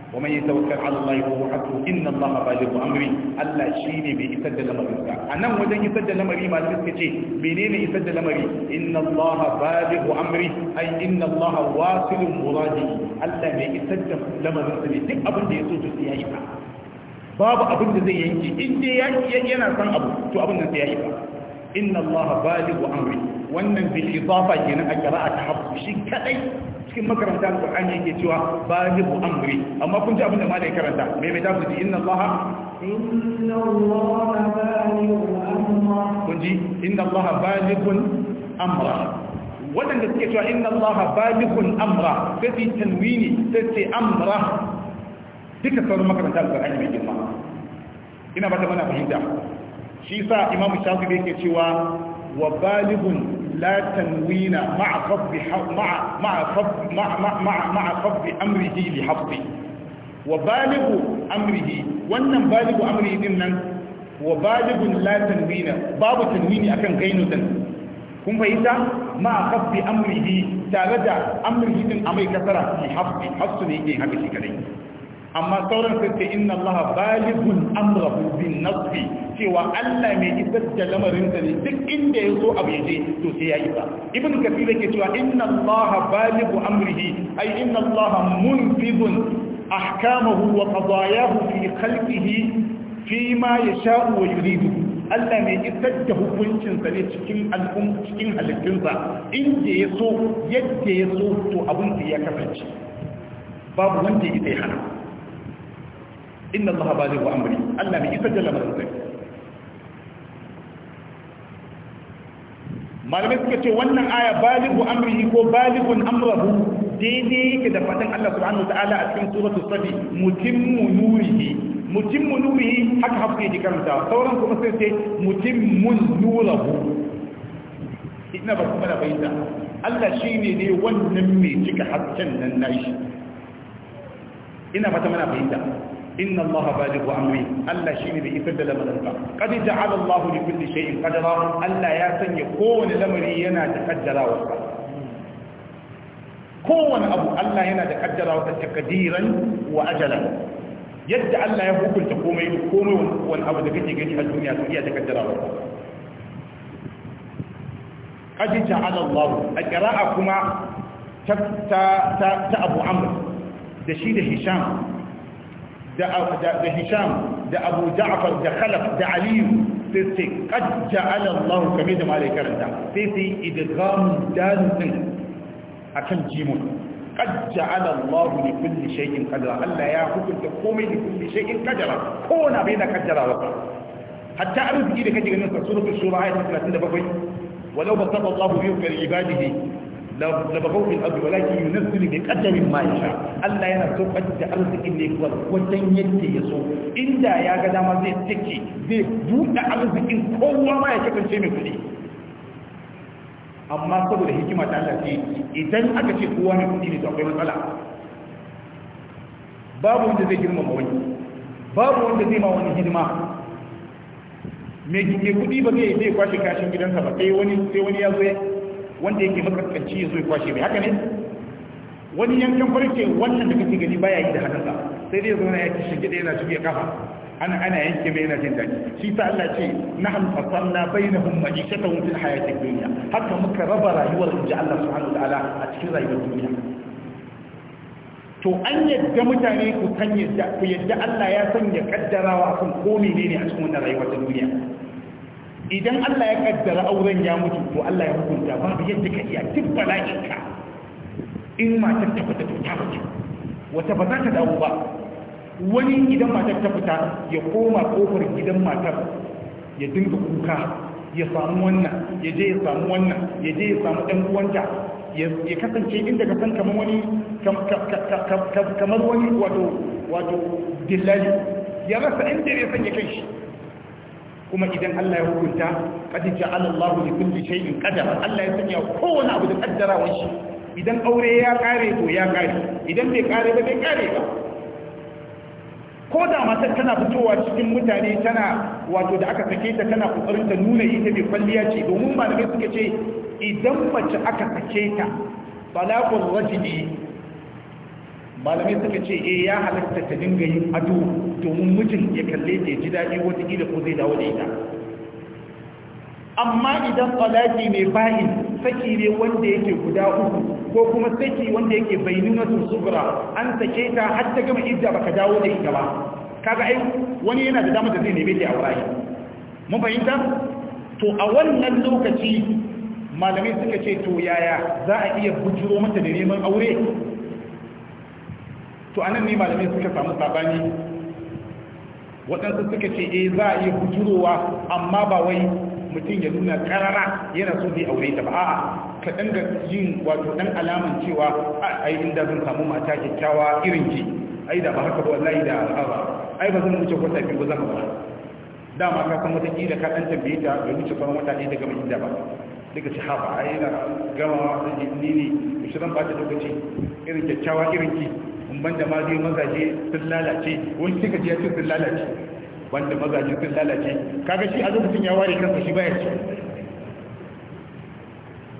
wa man yatawakkal ala Allah fa huwa hasbu inna Allah balighu amri Allah shine mai isar da lamarin sa anan wajen isar da lamari ma sai suka ce menene isar da lamari inna Allah balighu amri ai inna Allah wasilun muradi Allah mai isar da lamarin sa ne duk abin da so to ya yi fa babu abin da zai yanke in dai yana san abu to abin da sai ya yi fa inna Allah balighu amri wannan bil idafa kenan a qira'a ta hafu shi kadai cikin makaranta ne yake cewa balighu amri amma kun ji abin da karanta me mai ta ji inna allaha inna allaha balighu amra kun ji inna allaha balighun amra wadanda suke cewa inna allaha balighun amra sai su tanwini sai su amra duka sauran makaranta ne mai girma ina ba ta mana fahimta shi sa imamu shafi ne yake cewa wa balighun لا تنوين مع خفض مع مع خفض مع مع مع مع خفض امره لحفظه وبالغ امره wannan baligu amri din nan wa baligun la tanwina babu tanwini akan gainu din kun fahimta ma khaffi amrihi tare da amrihi din amai kasara fi hafi hafsu ne yake haka shi kadai amma sauran sai ce inna Allah balighun amrahu bin nasfi cewa Allah mai isar da lamarin sa ne duk inda ya so abu yaje to sai ya isa ibn kafir yake cewa inna Allah balighu amrihi ay inna Allah munfidun ahkamahu wa qadayahu fi khalqihi fi ma yasha'u wa yuridu Allah mai isar da hukuncinsa ne cikin al'um cikin halittunsa inda ya yadda ya so to abin da ya kasance babu wanda ya hana ba allaha balighu amri Allah bai isa jalla masa malamai suka ce wannan aya balighu amrihi ko balighun amrahu daidai yake da fadin Allah subhanahu wataala a cikin suratul sabi mutimmu nurihi mutimmu nurihi haka hafi yake karanta sauran kuma sai sai mutimmun nurahu ina ba kuma da bayyana Allah shine ne wannan mai cika hasken nan nashi ina fata mana bayyana inna Allah balighu amri Allah shine bai isar da lamarin ba qad ja'ala Allah li kulli shay'in qadara Allah ya sanya kowane lamari yana da kaddarawa kowane abu Allah yana da kaddarawa ta takdiran wa ajalan yadda Allah ya hukunta komai komai wani abu da kake gani a duniya to iya da kaddarawa قد جعل ta Abu تا da shi da Hisham. da hisham da abu ja'far da khalaf da aliyu sai sai kad ja'ala Allah kame da malai karanta sai sai idgamun dal din akan jimun kad ja'ala Allah li kulli shay'in qadara Allah ya hukunta komai li kulli shay'in qadara ko na bai da kaddara wa hatta arziki da kaje ganin sa suratul shura ayat 37 walau basata Allah bi ibadihi labagau fil ardi walakin yunzilu bi qadarin ma yasha Allah yana saukar da arzikin ne wajen yadda ya so inda ya ga dama zai take zai buɗe arzikin kowa ma ya kasance mai kuɗi amma saboda hikima ta Allah ce idan aka ce kowa mai kuɗi ne to akwai matsala babu wanda zai girmama wani babu wanda zai ma wani hidima mai kuɗi ba zai yi zai kwashe kashin gidansa ba sai wani sai wani ya zo wanda yake makarkanci ya zo ya kwashe mai haka ne wani yankan farce wannan da kake gani baya yi da hannunsa sai dai zauna ya ci shige da yana shige kafa ana ana yanke mai yana jin daɗi shi ta Allah ce nahnu fasalna bainahum ma'ishatahum fil hayatid duniya. haka muka raba rayuwar inji Allah subhanahu wa ta'ala a cikin rayuwar duniya to an yadda mutane ku san yadda ku yadda Allah ya sanya kaddarawa kan ko menene a cikin wannan rayuwar duniya idan Allah ya kaddara auren ya mutu to Allah ya hukunta babu yadda ka iya duk bala'inka in matar ta fita to ta fita wata ba za ta dawo ba wani idan matar ta fita ya koma kofar gidan matar ya dinga kuka ya samu wannan ya je ya samu wannan ya je ya samu ɗan uwanta ya kasance inda ka san kamar wani kamar wani wato wato dillali ya rasa inda ya sanya kai shi kuma idan Allah ya hukunta qad ja'ala Allahu li kulli shay'in qadara Allah ya sanya kowane abu da kaddarawan shi idan aure ya kare to ya kare idan bai kare ba bai kare ba ko da matar tana fitowa cikin mutane tana wato da aka sake ta tana kokarin ta nuna ita ta bai kwalliya ce domin malamai suka ce idan mace aka sake ta bala balakun rajili malamai suka ce eh ya halatta ta dinga yin ado domin mijin ya kalle ta ji daɗi wata ƙila ko zai dawo da ita amma idan talaki mai bayin saki ne wanda yake guda uku ko kuma saki wanda yake bainuna sugura an sake ta har ta gama idda baka dawo da ita ba kaga ai wani yana da damar da zai neme ta a wuraye mun fahimta to a wannan lokaci malamai suka ce to yaya za a iya bujiro mata da neman aure to anan ne malamai suka samu sabani waɗansu suka ce eh za a iya hujurowa amma ba wai mutum ya nuna karara yana so zai aure ta ba a'a ka danga yin wato dan alaman cewa ai inda zan samu mata kyakkyawa irin ki ai da ba haka ba wallahi da al'ada. ai ba zan wuce tafi ba zan ba dama ka san wata kila ka dan tambaye ta bai wuce kwanan wata ne daga inda ba daga ci haba ai na gama ni ne shi zan ba ta lokaci irin kyakkyawa irin ki banda ma mazaje sun lalace wani suka ji ya ce sun lalace banda mazaje sun lalace kaga shi a lokacin ya ware kansa shi baya ce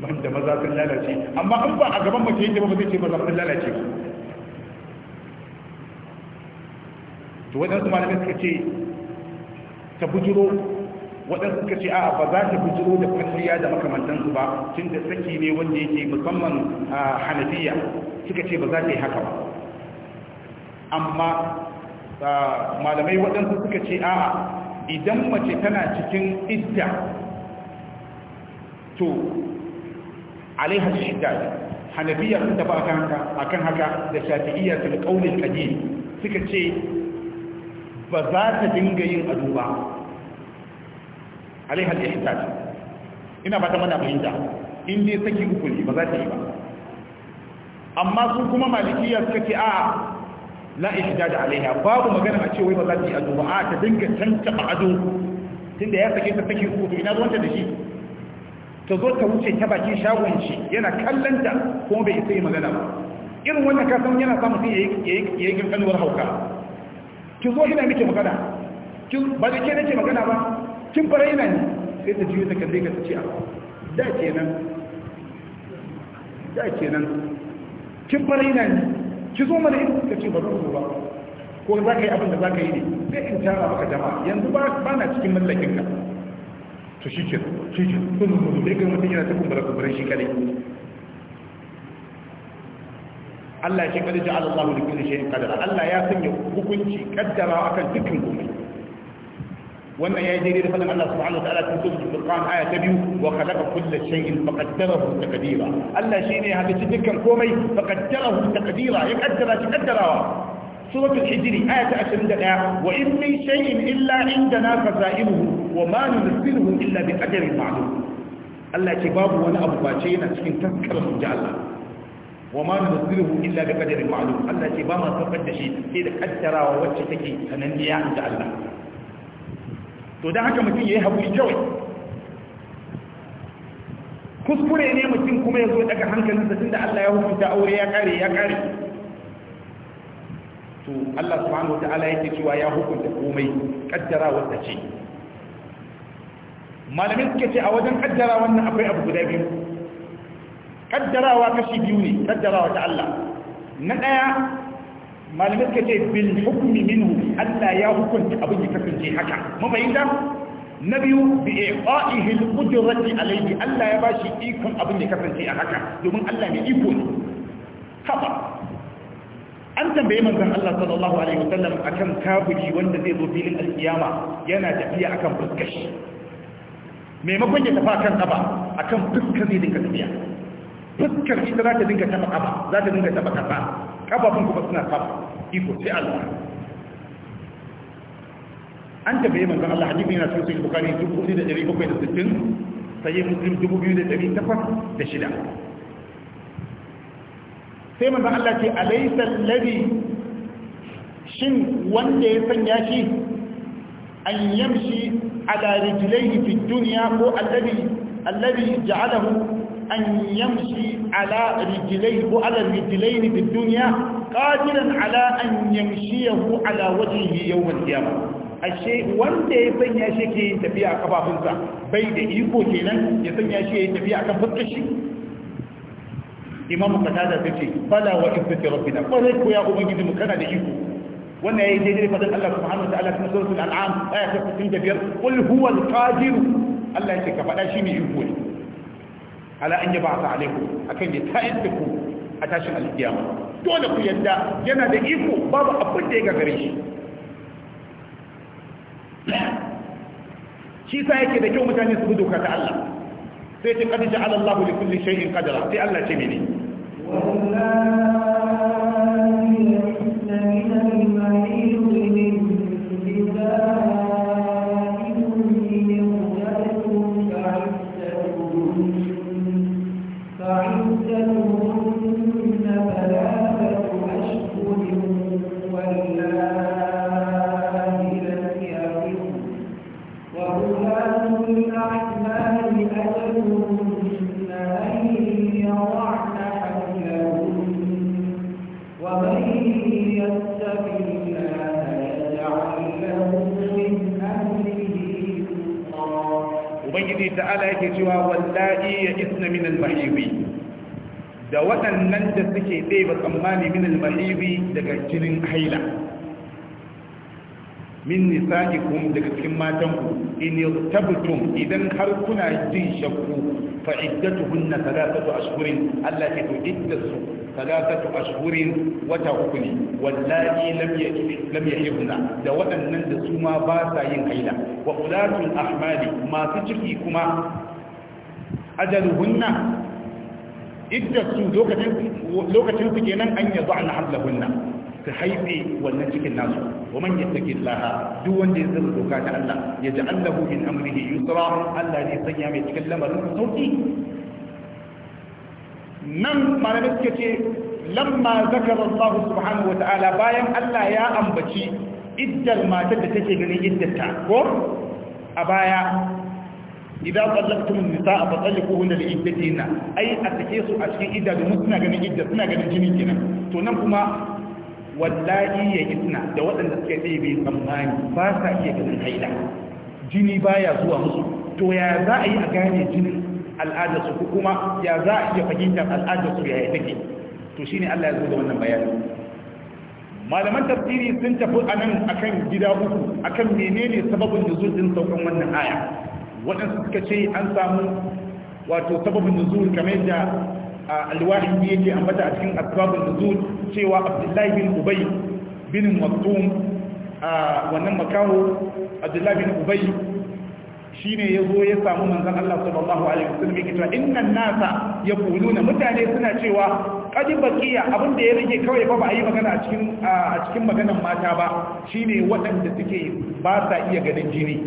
banda maza sun lalace amma an ba a gaban mace yake ba zai ce maza sun lalace To to waɗansu malamai suka ce ta bujiro wadan suka ce a ba za ta bujiro da kwalliya da makamantansu ba tunda saki ne wanda yake musamman a ah, hanafiya suka ce ba za ta yi haka ba amma ah, malamai waɗansu suka ce a, idan mace tana cikin idda to shida hanabiyar da sun a kan haka da shafi'iyyar da ƙaunin kaji suka ce ba za ta dinga yin ado ba alaiha shida ina ba ta mana fahimta in ya saki hukuli ba za ta yi ba amma su kuma malikiyar suka ce a la da alaiha babu magana a ce wai ba za ta yi ado ba a ta dinga a ado tunda ya sake ta sake uku ina ruwanta da shi ta zo ta wuce ta baki shagon shi yana kallon ta kuma bai isa yi magana ba irin wannan kasan yana samu sai ya yi kankanuwar hauka ki zo ina miki magana ba da ke nake magana ba kin fara ina ne sai ta jiyo ta kalle ka ta ce da kenan da kenan kin fara ina ne ki zo mana yin ka ce ba zo ba ko za ka yi abin da za ka yi ne sai in tara maka jama'a yanzu ba na cikin mallakin ka to shi ke shi ke kun mutu da kan mutum yana ta da kumburan shi kare Allah ya ce ja'ala Allahu shay'in qadara Allah ya sanya hukunci kaddara akan dukkan komai wannan ya yi daidai da fadin Allah subhanahu wa ta'ala cikin suratul furqan aya ta biyu wa khalaqa kulla shay'in faqaddarahu taqdira Allah shine ya halicci dukkan komai faqaddarahu taqdira ya kaddara shi kaddarawa suratul hijri aya ta 21 wa in min shay'in illa indana khazainuhu wa ma nunzilu illa bi ajrin ma'lum Allah ce babu wani abu ba face yana cikin taskar mu Allah wa ma nunzilu illa bi qadarin ma'lum Allah ce ba ma saukar da shi sai da kaddarawa wacce take sananniya da Allah to don haka mutum ya yi haƙuri kyau, kuskure ne mutum kuma ya zo daga hankalinsa tun da Allah ya hukunta aure ya kare ya kare to Allah subhanahu wa ta'ala yake cewa ya hukunta komai kaddara wanda ce malamin suke ce a wajen kaddara wannan akwai abu guda biyu kaddarawa kashi biyu ne kaddarawa ta Allah na daya malamai suka ce bin hukmi minhu Allah ya hukunta abin ya kasance haka mafahimta na biyu bi iqa'ihi al-qudrati alayhi Allah ya ba shi ikon abin ya kasance a haka domin Allah mai iko ne haɓa. an tambaye manzon Allah sallallahu alaihi wasallam akan kafiri wanda zai zo filin alkiyama yana tafiya akan fuskar shi maimakon ya tafi akan kaba akan fuskar zai dinga tafiya fuskar ita za ta dinga taɓa kaba za ta dinga taɓa kaba kafafun kuma suna kafa iko sai Allah an tafiye manzan Allah hadisi yana cikin sahih bukhari 4760 sahih muslim 2806 sai manzan Allah ce alaysa alladhi shin wanda ya sanya shi an yamshi ala rijlaihi fi dunya ko alladhi alladhi ja'alahu yamshi Ala أن يمشي على رجليه وعلى الرجلين في الدنيا قادرا على أن يمشيه على وجهه يوم القيامة ashe wanda ya sanya shi ke yin tafiya a kafafunsa bai da iko kenan ya sanya shi ya yi tafiya a kan fuskar shi imamu qatada ta ce bala wa izzati rabbina kwarai ko ya ubangiji mu kana da iko wannan ya yi daidai fadin Allah subhanahu wa ta'ala cikin suratul an'am aya ta 65 qul huwal qadir Allah ya ce ka faɗa shi ne iko ne ala an yi ta alaikum akan ya tayar da ku a tashin alkiyama dole ku yadda yana da iko babu abin da ya gagare shi shi sa yake da kyau mutane su doka ta Allah sai ta kadija alallahu Allah li kulli shay'in qadara sai Allah ce mene wallahi zai ba tsammani min al daga jinin haila min nisa'ikum daga cikin matanku in yartabtum idan har kuna jin shakku fa iddatuhunna thalathatu ashhurin Allah ya to iddatu thalathatu ashhurin wata uku ne wallahi lam yahibna lam yahibna da waɗannan da su ma ba sa yin haila wa ulatul ahmali masu ciki kuma ajaluhunna iddatsu lokacin su kenan an yazo an hamlahunna su haife wannan cikin nasu wa man yattaki Allah duk wanda ya zama doka ta Allah ya ji Allahu min amrihi yusra Allah ne sanya mai cikin lamarin sauki nan malamai suke ce lamma zakara Allah subhanahu wa ta'ala bayan Allah ya ambaci iddar matar da take ganin iddarta ko a baya idan ballaktum ko fa talliquhunna li iddatina ai a take su a cikin idda domin suna ganin idda suna ganin jini kenan to nan kuma wallahi ya isna da waɗanda suke tsaye bai tsammani ba sa iya ganin haila jini baya zuwa musu to ya za a yi a gane jinin al'adar su kuma ya za a iya fahimtar al'adar su yaya take to shine Allah ya zo da wannan bayani malaman tafsiri sun tafi anan akan gida uku akan menene sababin nuzul din saukan wannan aya waɗansu suka ce an samu wato sababin nuzul kamar da alwahin da yake ambata a cikin asbabin nuzul cewa abdullahi bin ubay bin maktum wannan makaho abdullahi bin ubay shi ne ya zo ya samu manzan Allah sallallahu alaihi wasallam yake cewa innan nasa ya yaquluna mutane suna cewa qad abin da ya rage kawai ba ba a yi magana a cikin a cikin maganan mata ba shine waɗanda suke ba sa iya ganin jini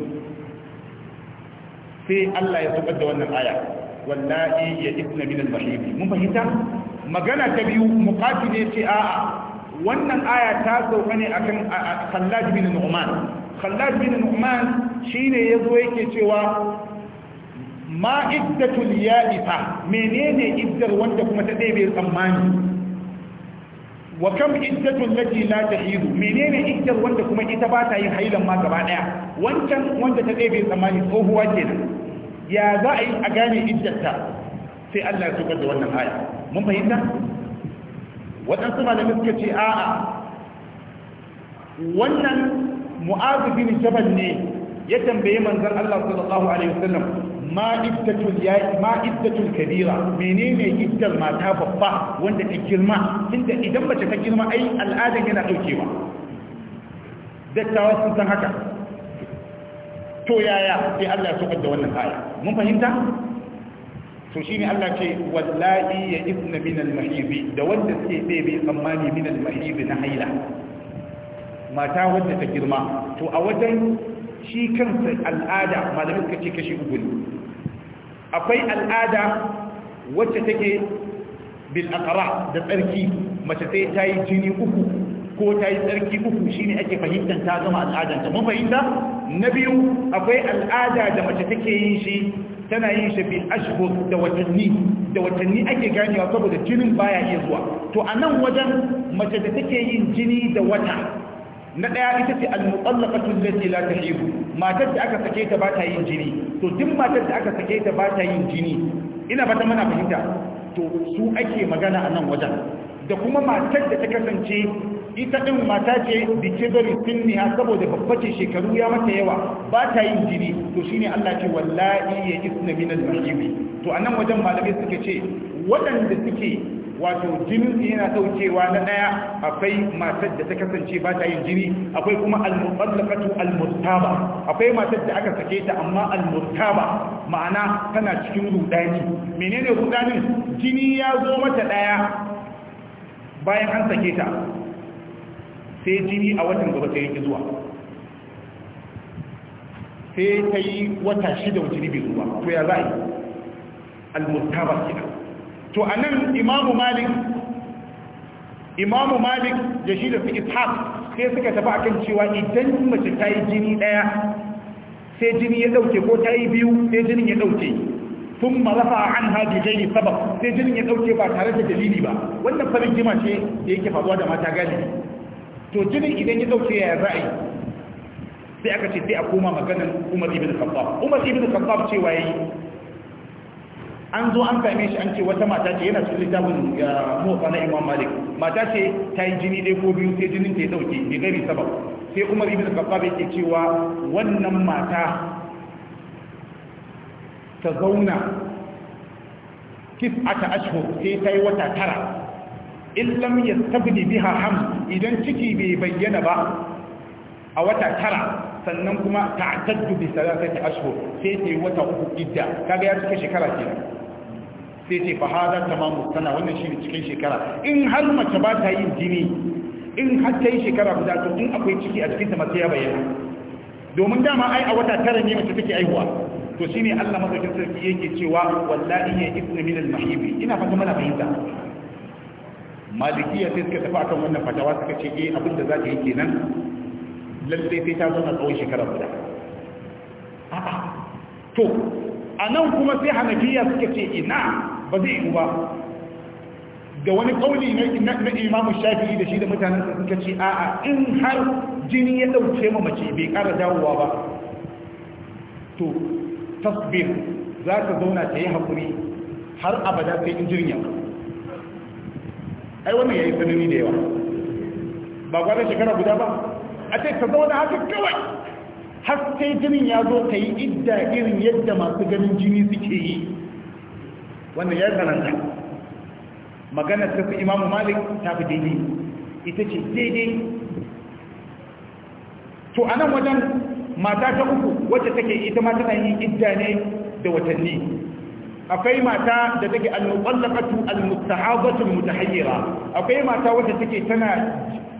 sai Allah ya saukar da wannan aya wallahi ya ibna min al mahibi mun fahimta magana ta biyu muqatil ya ce a'a wannan aya ta sauka ne akan Khalid bin Nu'man Khalid bin Nu'man shine yazo yake cewa ma iddatul ya'ifa menene iddar wanda kuma ta ɗebe tsammani wa kam iddatu allati la tahidu menene iddar wanda kuma ita ba ta yin hailan ma gaba daya wancan wanda ta ɗebe tsammani tsohuwa kenan ya za a yi a gane ta sai Allah ya tukar da wannan aya mun fahimta waɗansu malamai suka ce a'a wannan mu'azu bin jabal ne ya tambaye manzon Allah sallallahu alaihi wasallam ma iddatul ya ma iddatul menene iddar mata babba wanda ta girma Inda idan mace ta girma ai al'adan yana daukewa dattawa sun san haka to yaya sai Allah ya saukar da wannan kaya. mun fahimta to shine Allah ce wallahi ya ibna min al-mahib da wanda suke ɗebe tsammani min al-mahib na haila mata wanda ta girma to a wajen shi kansa al'ada malamin suka ce kashi uku ne akwai al'ada wacce take bilakara da tsarki mace sai ta yi jini uku ko ta yi tsarki uku shine ake fahimtar ta zama al'adanta mun fahimta na biyu akwai al'ada da mace take yin shi tana yin shi bil da watanni da watanni ake ganewa saboda jinin baya iya zuwa to a nan wajen mace da take yin jini da wata na ɗaya ita ce al-muqallaqatu allati la tahibu matar da aka sake ta ba ta yin jini to duk matar da aka sake ta ba ta yin jini ina ba ta mana fahimta to su ake magana a nan wajen da kuma matar da ta kasance ita din mata ce dikibari sinniha saboda babba ce shekaru ya mata yawa ba ta yin jini to shine Allah ce wallahi ya isna min al-mahib to a nan wajen malamai suke ce waɗanda suke wato jini yana daukewa na daya akwai matar da ta kasance ba ta yin jini akwai kuma al-mutallaqatu al murtaba akwai matar da aka sake ta amma al murtaba ma'ana tana cikin rudani menene rudanin jini ya zo mata daya bayan an sake ta sai jini a watan gaba sai yake zuwa sai ta yi wata shida jini bai zuwa to ya za a yi al murtaba kenan to anan imamu malik imamu malik da shi da su ishaq sai suka tafi a kan cewa idan mace ta yi jini daya sai jini ya dauke ko ta yi biyu sai jinin ya dauke sun marafa an haji gairi sabab sai jinin ya dauke ba tare da dalili ba wannan farin jima ce da yake faruwa da mata galibi to jinin idan ya dauke ya ra'ayi sai aka ce sai a koma maganar umar ibn khattab umar ibn khattab cewa yayi an zo an same shi an ce wata mata ce yana cikin littafin uh, motsa na imam malik mata ce ta yi jini dai ko biyu sai jinin ta ya ɗauke bai gari sabab sai umar ibn khattab yake cewa wannan mata ta zauna ata ashhur sai ta yi wata tara in lam biha ham idan ciki bai bayyana ba a wata tara sannan kuma ta'attadu bi salasati ashhur sai ta yi wata uku idda kaga ya cika shekara kenan sai ce fa hada tamamu sana wannan ne cikin shekara in har mace ba ta yin jini in har ta yi shekara guda to in akwai ciki a cikin ta mace ya bayyana domin dama ai a wata tara ne mace take aihuwa to shine Allah madaukakin sarki yake cewa wallahi ya ibnu min al-mahib ina fata mana fahimta malikiya sai suka tafi akan wannan fatawa suka ce eh abin da zaka yi kenan lalle sai ta zo na tsawon shekara guda a'a to a nan kuma sai hanafiya suka ce ina ba zai yi ba da wani kauli na imamu shafi'i da shi da mutanen suka ce a'a in har jini ya dauke ma mace bai kara dawowa ba to tasbir za ka zauna ta yi haƙuri har abada sai in jirin yau ai wannan ya yi tsanani da yawa ba kwanar shekara guda ba a ce ka zauna haka kawai har sai jinin ya zo ka yi idda irin yadda masu ganin jini suke yi wannan ya karanta. magana ta fi imamu malik ta fi daidai ita ce daidai to a nan wajen mata ta uku wacce take ita ma tana yin idda ne da watanni akwai mata da take al-muqallaqatu al-mustahabatu al-mutahayyira akwai mata wacce take tana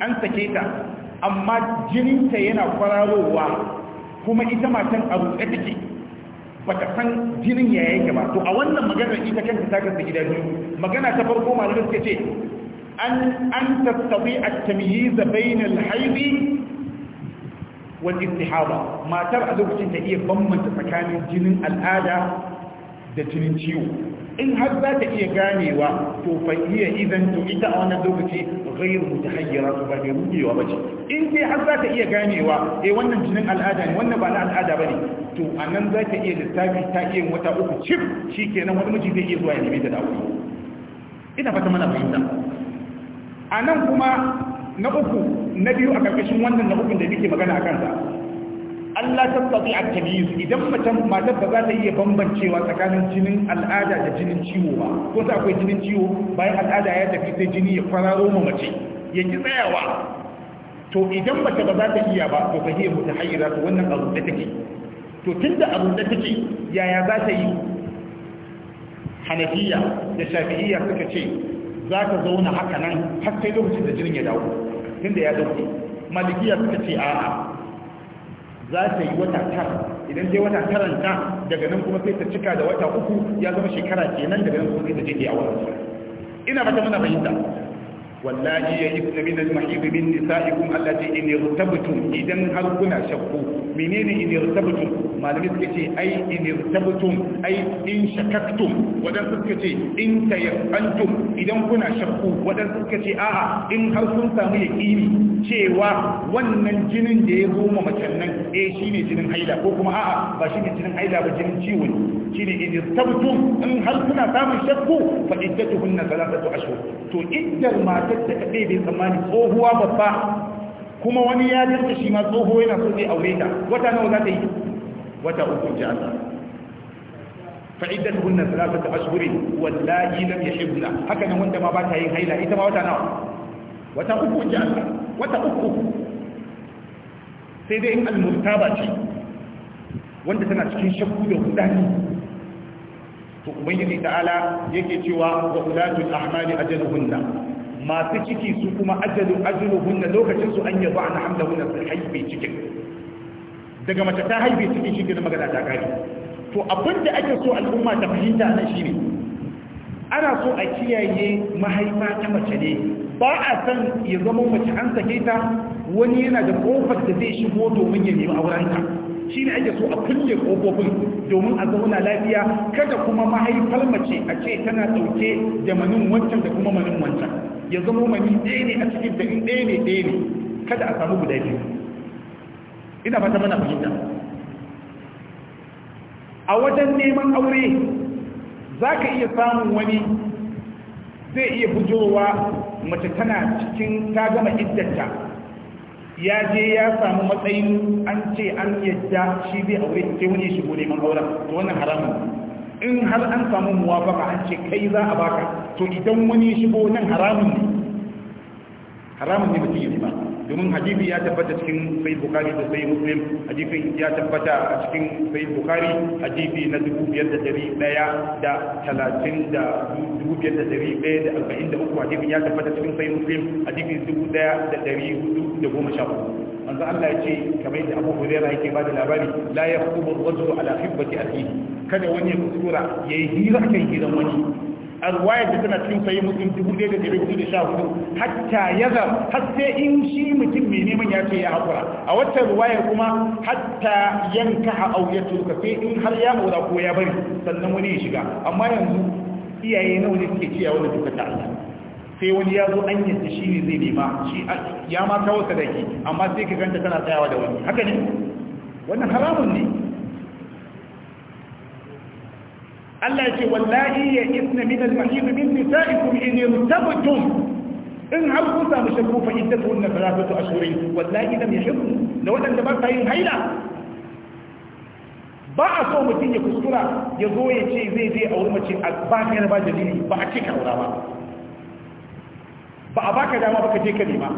an sake ta amma jininta yana kwararowa kuma ita matan a rutsa take ba ta san jinin ya yi ba to a wannan maganar ita kanta ta kasa gida biyu magana ta farko malamai suka ce an an tattabi at-tamyiz bainal haidi wal istihaba matar a lokacin ta iya bambanta tsakanin jinin al'ada da jinin ciwo in har za ta iya ganewa to fahiyya idan to ita a wannan lokaci ghairu hanyar, to ba mai ba ce. in dai har za ta iya ganewa eh wannan jinin al'ada ne wannan ba na al'ada ba ne, to a nan za ta iya lissafi ta iya wata uku cif nan, wani miji zai iya zuwa ya nemi ta da aure ina fata mana fahimta nan kuma na uku na biyu a ƙarƙashin wannan na ukun da nake magana a sa Allah ta tsaye a tabiyu idan macen matar ba za ta iya bambancewa tsakanin jinin al'ada da jinin ciwo ba ko ta akwai jinin ciwo bayan al'ada ya tafi sai jini ya kwararo ma mace ya ki tsayawa to idan mace ba za ta iya ba to fahiyar mutu hayyar su wannan abu da take to tun da abu da take yaya za ta yi hanafiya da shafi'iyya suka ce za ta zauna haka nan har sai lokacin da jinin ya dawo tun da ya dauke malikiya suka ce a'a za ta yi wata tara idan dai wata taranta, daga nan kuma sai ta cika da wata uku ya zama shekara kenan daga nan kuma sai ta je ta yi a ina ba ta muna fahimta wallahi ya yi ifna min al-mahid min nisa'ikum allati in irtabtum idan har kuna shakku menene in irtabtum malami suka ce ai in irtabtum ai in shakaktum wadan suka ce in tayyantum idan kuna shakku wadan suka ce a'a in har kun samu yaqini cewa wannan jinin da ya goma ma macen nan eh shine jinin haila ko kuma a'a ba shine jinin haila ba jinin ciwo ne shine in irtabtum in har kuna samun shakku fa iddatuhunna thalathatu ashhur to iddar mata wata ta bai tsammani tsohuwa babba kuma wani ya jirta shi ma tsoho yana so zai aure ta wata nawa za ta yi wata uku ji Allah fa'idat hunna salatata ashhuri wallahi lam yahibna haka nan wanda ma ba ta yin haila ita ma wata nawa wata uku ji Allah wata uku sai dai al-murtaba ce wanda tana cikin shakku da hudani to ubangiji ta'ala yake cewa wa ulatul ahmali ajaluhunna masu ciki su kuma ajalu ajalu hunna lokacin su an yaba an hamla hunna su haife cikin daga mace ta haife ciki, shi da magana ta kare to abin da ake so al'umma ta fahimta nan shine ana so a kiyaye mahaifa ta mace ne ba a san ya zama mace an sake ta wani yana da kofar da zai shigo domin ya nemi aurenta shi ne ake so a kulle kofofin domin a zauna lafiya kada kuma mahaifar mace a ce tana ɗauke da manin wancan da kuma manin wancan ya zama mani ɗaya ne a cikin da in ɗaya ne ɗaya ne kada a samu guda biyu ina fata mana fahimta a wajen neman aure za ka iya samun wani zai iya bujowa mace tana cikin ta gama iddanta ya je ya samu matsayin an ce an yadda shi zai aure ce wani shigo neman auren to wannan haramun in har an samu muwafaka an ce kai za a baka to idan wani shigo nan haramun ne haramun ne mutum ya ba domin hadisi ya tabbata cikin sai bukari da sai muslim hadisi ya tabbata a cikin sai bukari hadisi na 5,133 hadisi ya tabbata cikin sai muslim hadisi 1,414 manzo Allah ya ce kamar yadda Abu Hurairah yake ba da labari la yaqbudu ar-rajulu ala hibbati akhihi kada wani ya kuskura yayi hira kan hiran wani arwaya da tana cikin sayi mutum dubu da 1414 hatta yazar har sai in shi mutum mai neman ya ce ya haƙura a wata ruwaya kuma hatta yanka a auyatul ka sai in har ya maura ko ya bari sannan wani ya shiga amma yanzu iyaye nawa ne suke ciya wani duka ta Allah sai wani ya zo an yanzu shi ne zai nema shi ya ma kawo sadaki amma sai ka ganta tana tsayawa da wani haka ne wannan haramun ne Allah ya ce wallahi ya isna min al-mahid min nisa'ikum in yartabtum in har kun samu shakku fa iddatu na salatu ashhurin wallahi lam yahibbu da wadanda ba ta yin haila ba a so mutum ya kuskura ya zo ya ce zai zai aure mace a ba ta ba dalili ba a cika aura ba ba a baka dama baka je ka nema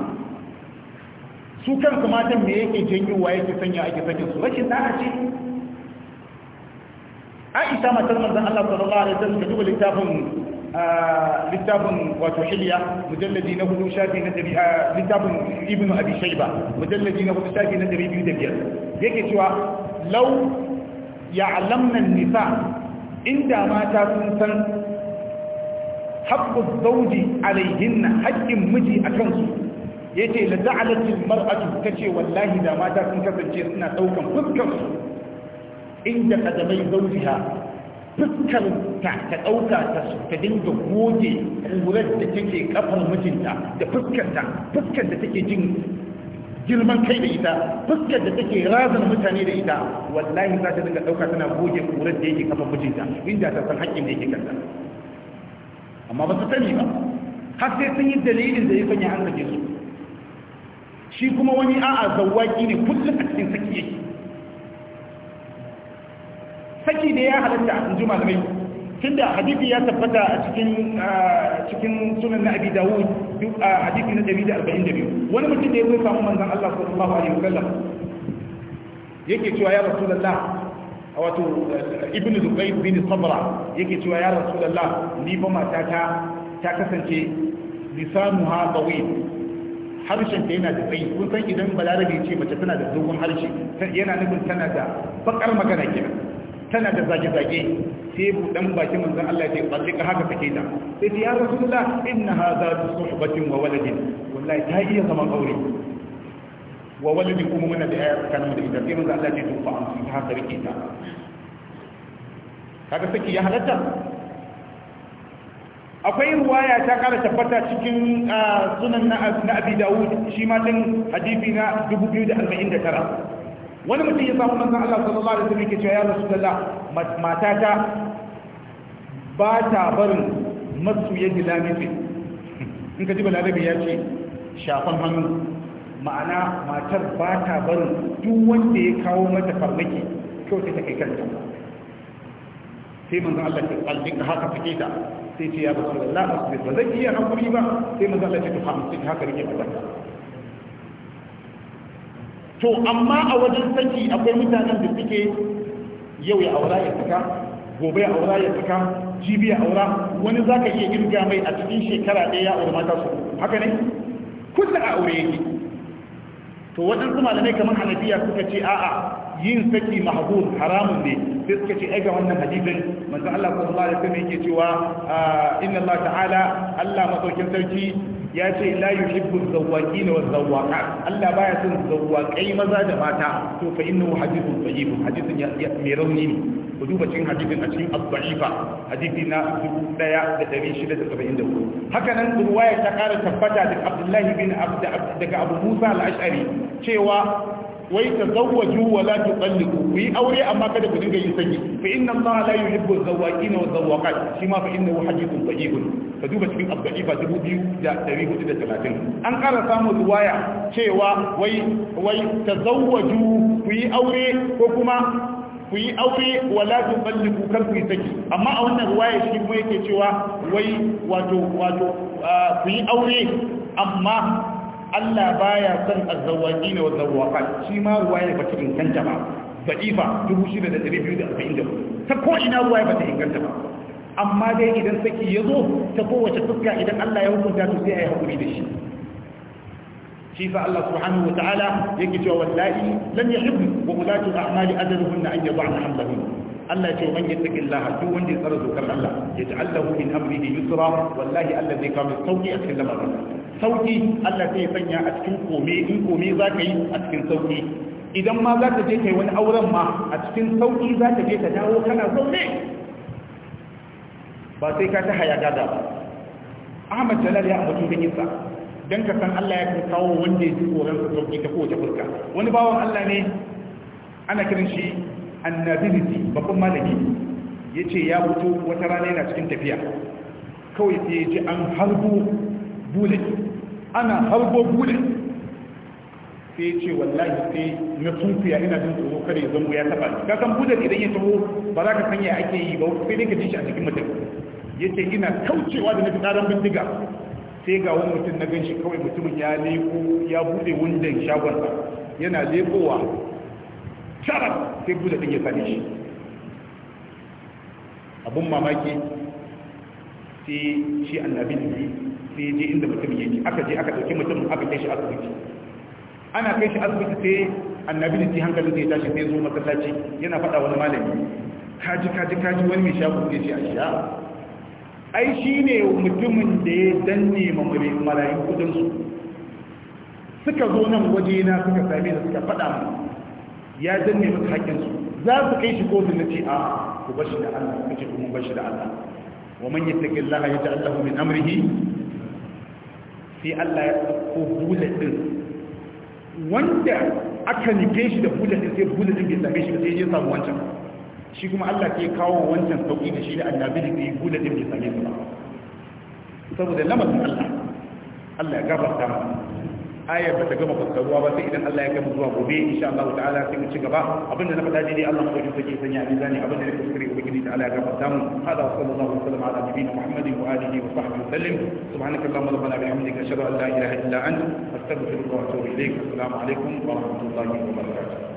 su kansu matan me yake janyo janyowa yake sanya ake sanya su rashin da'a ce aisha matar manzon Allah sallallahu alaihi wasallam ka duba littafin ah, littafin wato hilya mujalladi na hudu shafi na dari ah, littafin ibn abi shayba mujalladi na hudu shafi na dari biyu da biyar yake cewa law ya'lamna an-nisa inda mata sun san haqqu zawji alayhinna haqqin miji a kansu, ya ce da la ja'alatil mar'atu ce wallahi da mata sun kasance suna ɗaukan fuskar inda kadamai zawjiha fuskar ta ta dauka ta su ta dinga goge kurar da take kafar mijinta da fuskar ta da take jin girman kai da ita fuskar da take razana mutane da ita wallahi za ta dinga ɗauka tana goge kurar da yake kafar mijinta inda ta san haƙƙin da yake kanta amma ba su sani ba har sai sun yi dalilin da ya sanya an sake su shi kuma wani a'a zawaki ne kullum a cikin saki yake saki da ya halatta in ji tun tunda al-hadifi ya tabbata a cikin sunan na abi dawud duk a hadisi na 142 wani mutum da ya zo samu manzan Allah ko yi alaihi wasallam yake cewa ya rasulullah wato ibn zubayr bin sabra yake cewa ya rasulullah ni ba ta kasance lisanuha tawil harshen ta yana da tsayi kun san idan balarabe ce mace tana da dogon harshe yana nufin tana da bakar magana kenan tana da zage-zage sai dan bakin manzon Allah ce ka haka take ta sai ya rasulullah innaha zatu suhbatin wa waladin wallahi ta iya zaman aure wa walidi kuma muna da yaya tsakanin da ita sai manzo Allah ya ce to fa amsi ta haka rike ta kaga saki ya halatta akwai ruwaya ta kara tabbata cikin sunan na abi dawud shi ma din hadisi na 2049 wani mutum ya samu manzon Allah sallallahu alaihi wasallam yake cewa ya rasulullah matata ba ta barin masu yaji lamifi in ka ji balarabi ya ce shafan hannu ma'ana matar ba ta barin duk wanda ya kawo mata farmaki kyau ta kai kanta sai manzo Allah ta ka haka fike ta sai ce ya rasulullah asbir ba zai iya hakuri ba sai manzo Allah ta tuha mutum haka rike ta to amma a wajen saki akwai mutanen da suke yau ya aura ya fita gobe ya aura ya fita jibi ya aura wani zaka iya girga mai a cikin shekara ɗaya ya aure mata su haka ne kullum a aure yake to waɗansu malamai kamar hanafiya suka ce a'a yin saki mahbub haramun ne sai suka ce ga wannan hadisin manzo Allah sallallahu alaihi wasallam yake cewa ah, inna Allah ta'ala Allah madaukin sarki ya ce la yuhibbu zawwaqina waz zawwaqat Allah baya son zawwaqai maza da mata to fa innahu hadithun dhaif hadisin ya mai rauni ne ku duba cikin hadisin a cikin abdu'ifa hadisi na 1674 haka nan ruwaya ta kara tabbata da abdullahi bin abd daga abu musa al-ash'ari cewa wai ta tazawwaju wa la tuqalliqu ku yi aure amma kada ku dinga yin saki fa inna allaha la yuhibbu zawwaqina wa zawwaqat shi ma fa innahu hadithun sahihun ka duba cikin abdu'ifa 2430 an kara samu ruwaya cewa wai wai tazawwaju ku yi aure ko kuma ku yi aure wala tuballiku kar ku yi saki amma a wannan ruwaya shi kuma yake cewa wai wato wato ku yi aure amma Allah baya son na wa zawaqat shi ma ruwaya ba ta inganta ba da'ifa 6244 ta ko ina ruwaya ba ta inganta ba amma dai idan saki ya zo ta kowace fuska idan Allah ya hukunta su sai a yi hakuri da shi shi fa Allah subhanahu wa ta'ala yake cewa wallahi lam yahibbu wa ulatu a'mali ajaluhunna an yad'na hamlahunna Allah ce man ya tsaki Allah duk wanda ya tsara dokar Allah ya ji Allah min amrihi yusra wallahi Allah zai kawo sauki a cikin lamarin sauki Allah zai sanya a cikin in za ka yi a cikin idan ma za ta je kai wani auren ma a cikin sauki za ta je ta, dawo kana zaune ba sai ka ta haya gada ba Ahmad Jalal ya ambaci ganin sa dan ka san Allah ya kawo wanda ya ji koran sa sauki ta kowace furka wani bawan Allah ne ana kiran shi annability babban malami yace ya mutu wata rana yana cikin tafiya kawai sai ya ji an harbo bule. ana harbo bule. sai ce wallahi sai na tunfiya ina jin tsoro kare zango ya taba ni ka san bullet idan ya taho ba za ka san ya ake yi ba sai dai ka ji shi a cikin mutum yace ina kaucewa da na fitaran bindiga sai ga wani mutum na ganshi kawai mutumin ya leko ya bude wundan shagonsa yana lekowa sharar sai bude ɗin ya same shi abun mamaki sai shi annabin ne sai je inda mutum yake aka je aka ɗauki mutum aka kai shi asibiti ana kai shi asibiti sai annabi da ci hankali zai tashi sai zo masallaci yana faɗa wani malami kaji kaji kaji wani mai shagon zai ce a shiya ai shi ne mutumin da ya danne malayin kudinsu suka zo nan waje na suka same da suka faɗa mu ya danne musu haƙƙinsu za su kai shi kotun na ce a ku bashi da Allah ku ce kuma bashi da Allah wa man yattaki Allah ya ta'alla hu min amrihi sai Allah ya ko bullet din wanda aka nike shi da bula din sai bula din bai same shi ba sai ya samu wancan shi kuma Allah ke kawo wancan sauki da shi da annabi da ke guda da same su ba saboda lamarin Allah Allah ya gafarta aya ba ta gama fassaruwa ba sai idan Allah ya gama zuwa gobe insha Allah ta'ala sai mu ci gaba abinda na faɗa dai Allah ko take sanya a mizani abinda nake kuskure ubangiji ta Allah ya gafarta mu hada sallallahu alaihi wasallam ala nabiyina Muhammadin wa alihi wa sahbihi sallim subhanaka allahumma rabbana bihamdika ashhadu an la ilaha illa anta astaghfiruka wa atubu ilaik assalamu alaikum wa rahmatullahi wa barakatuh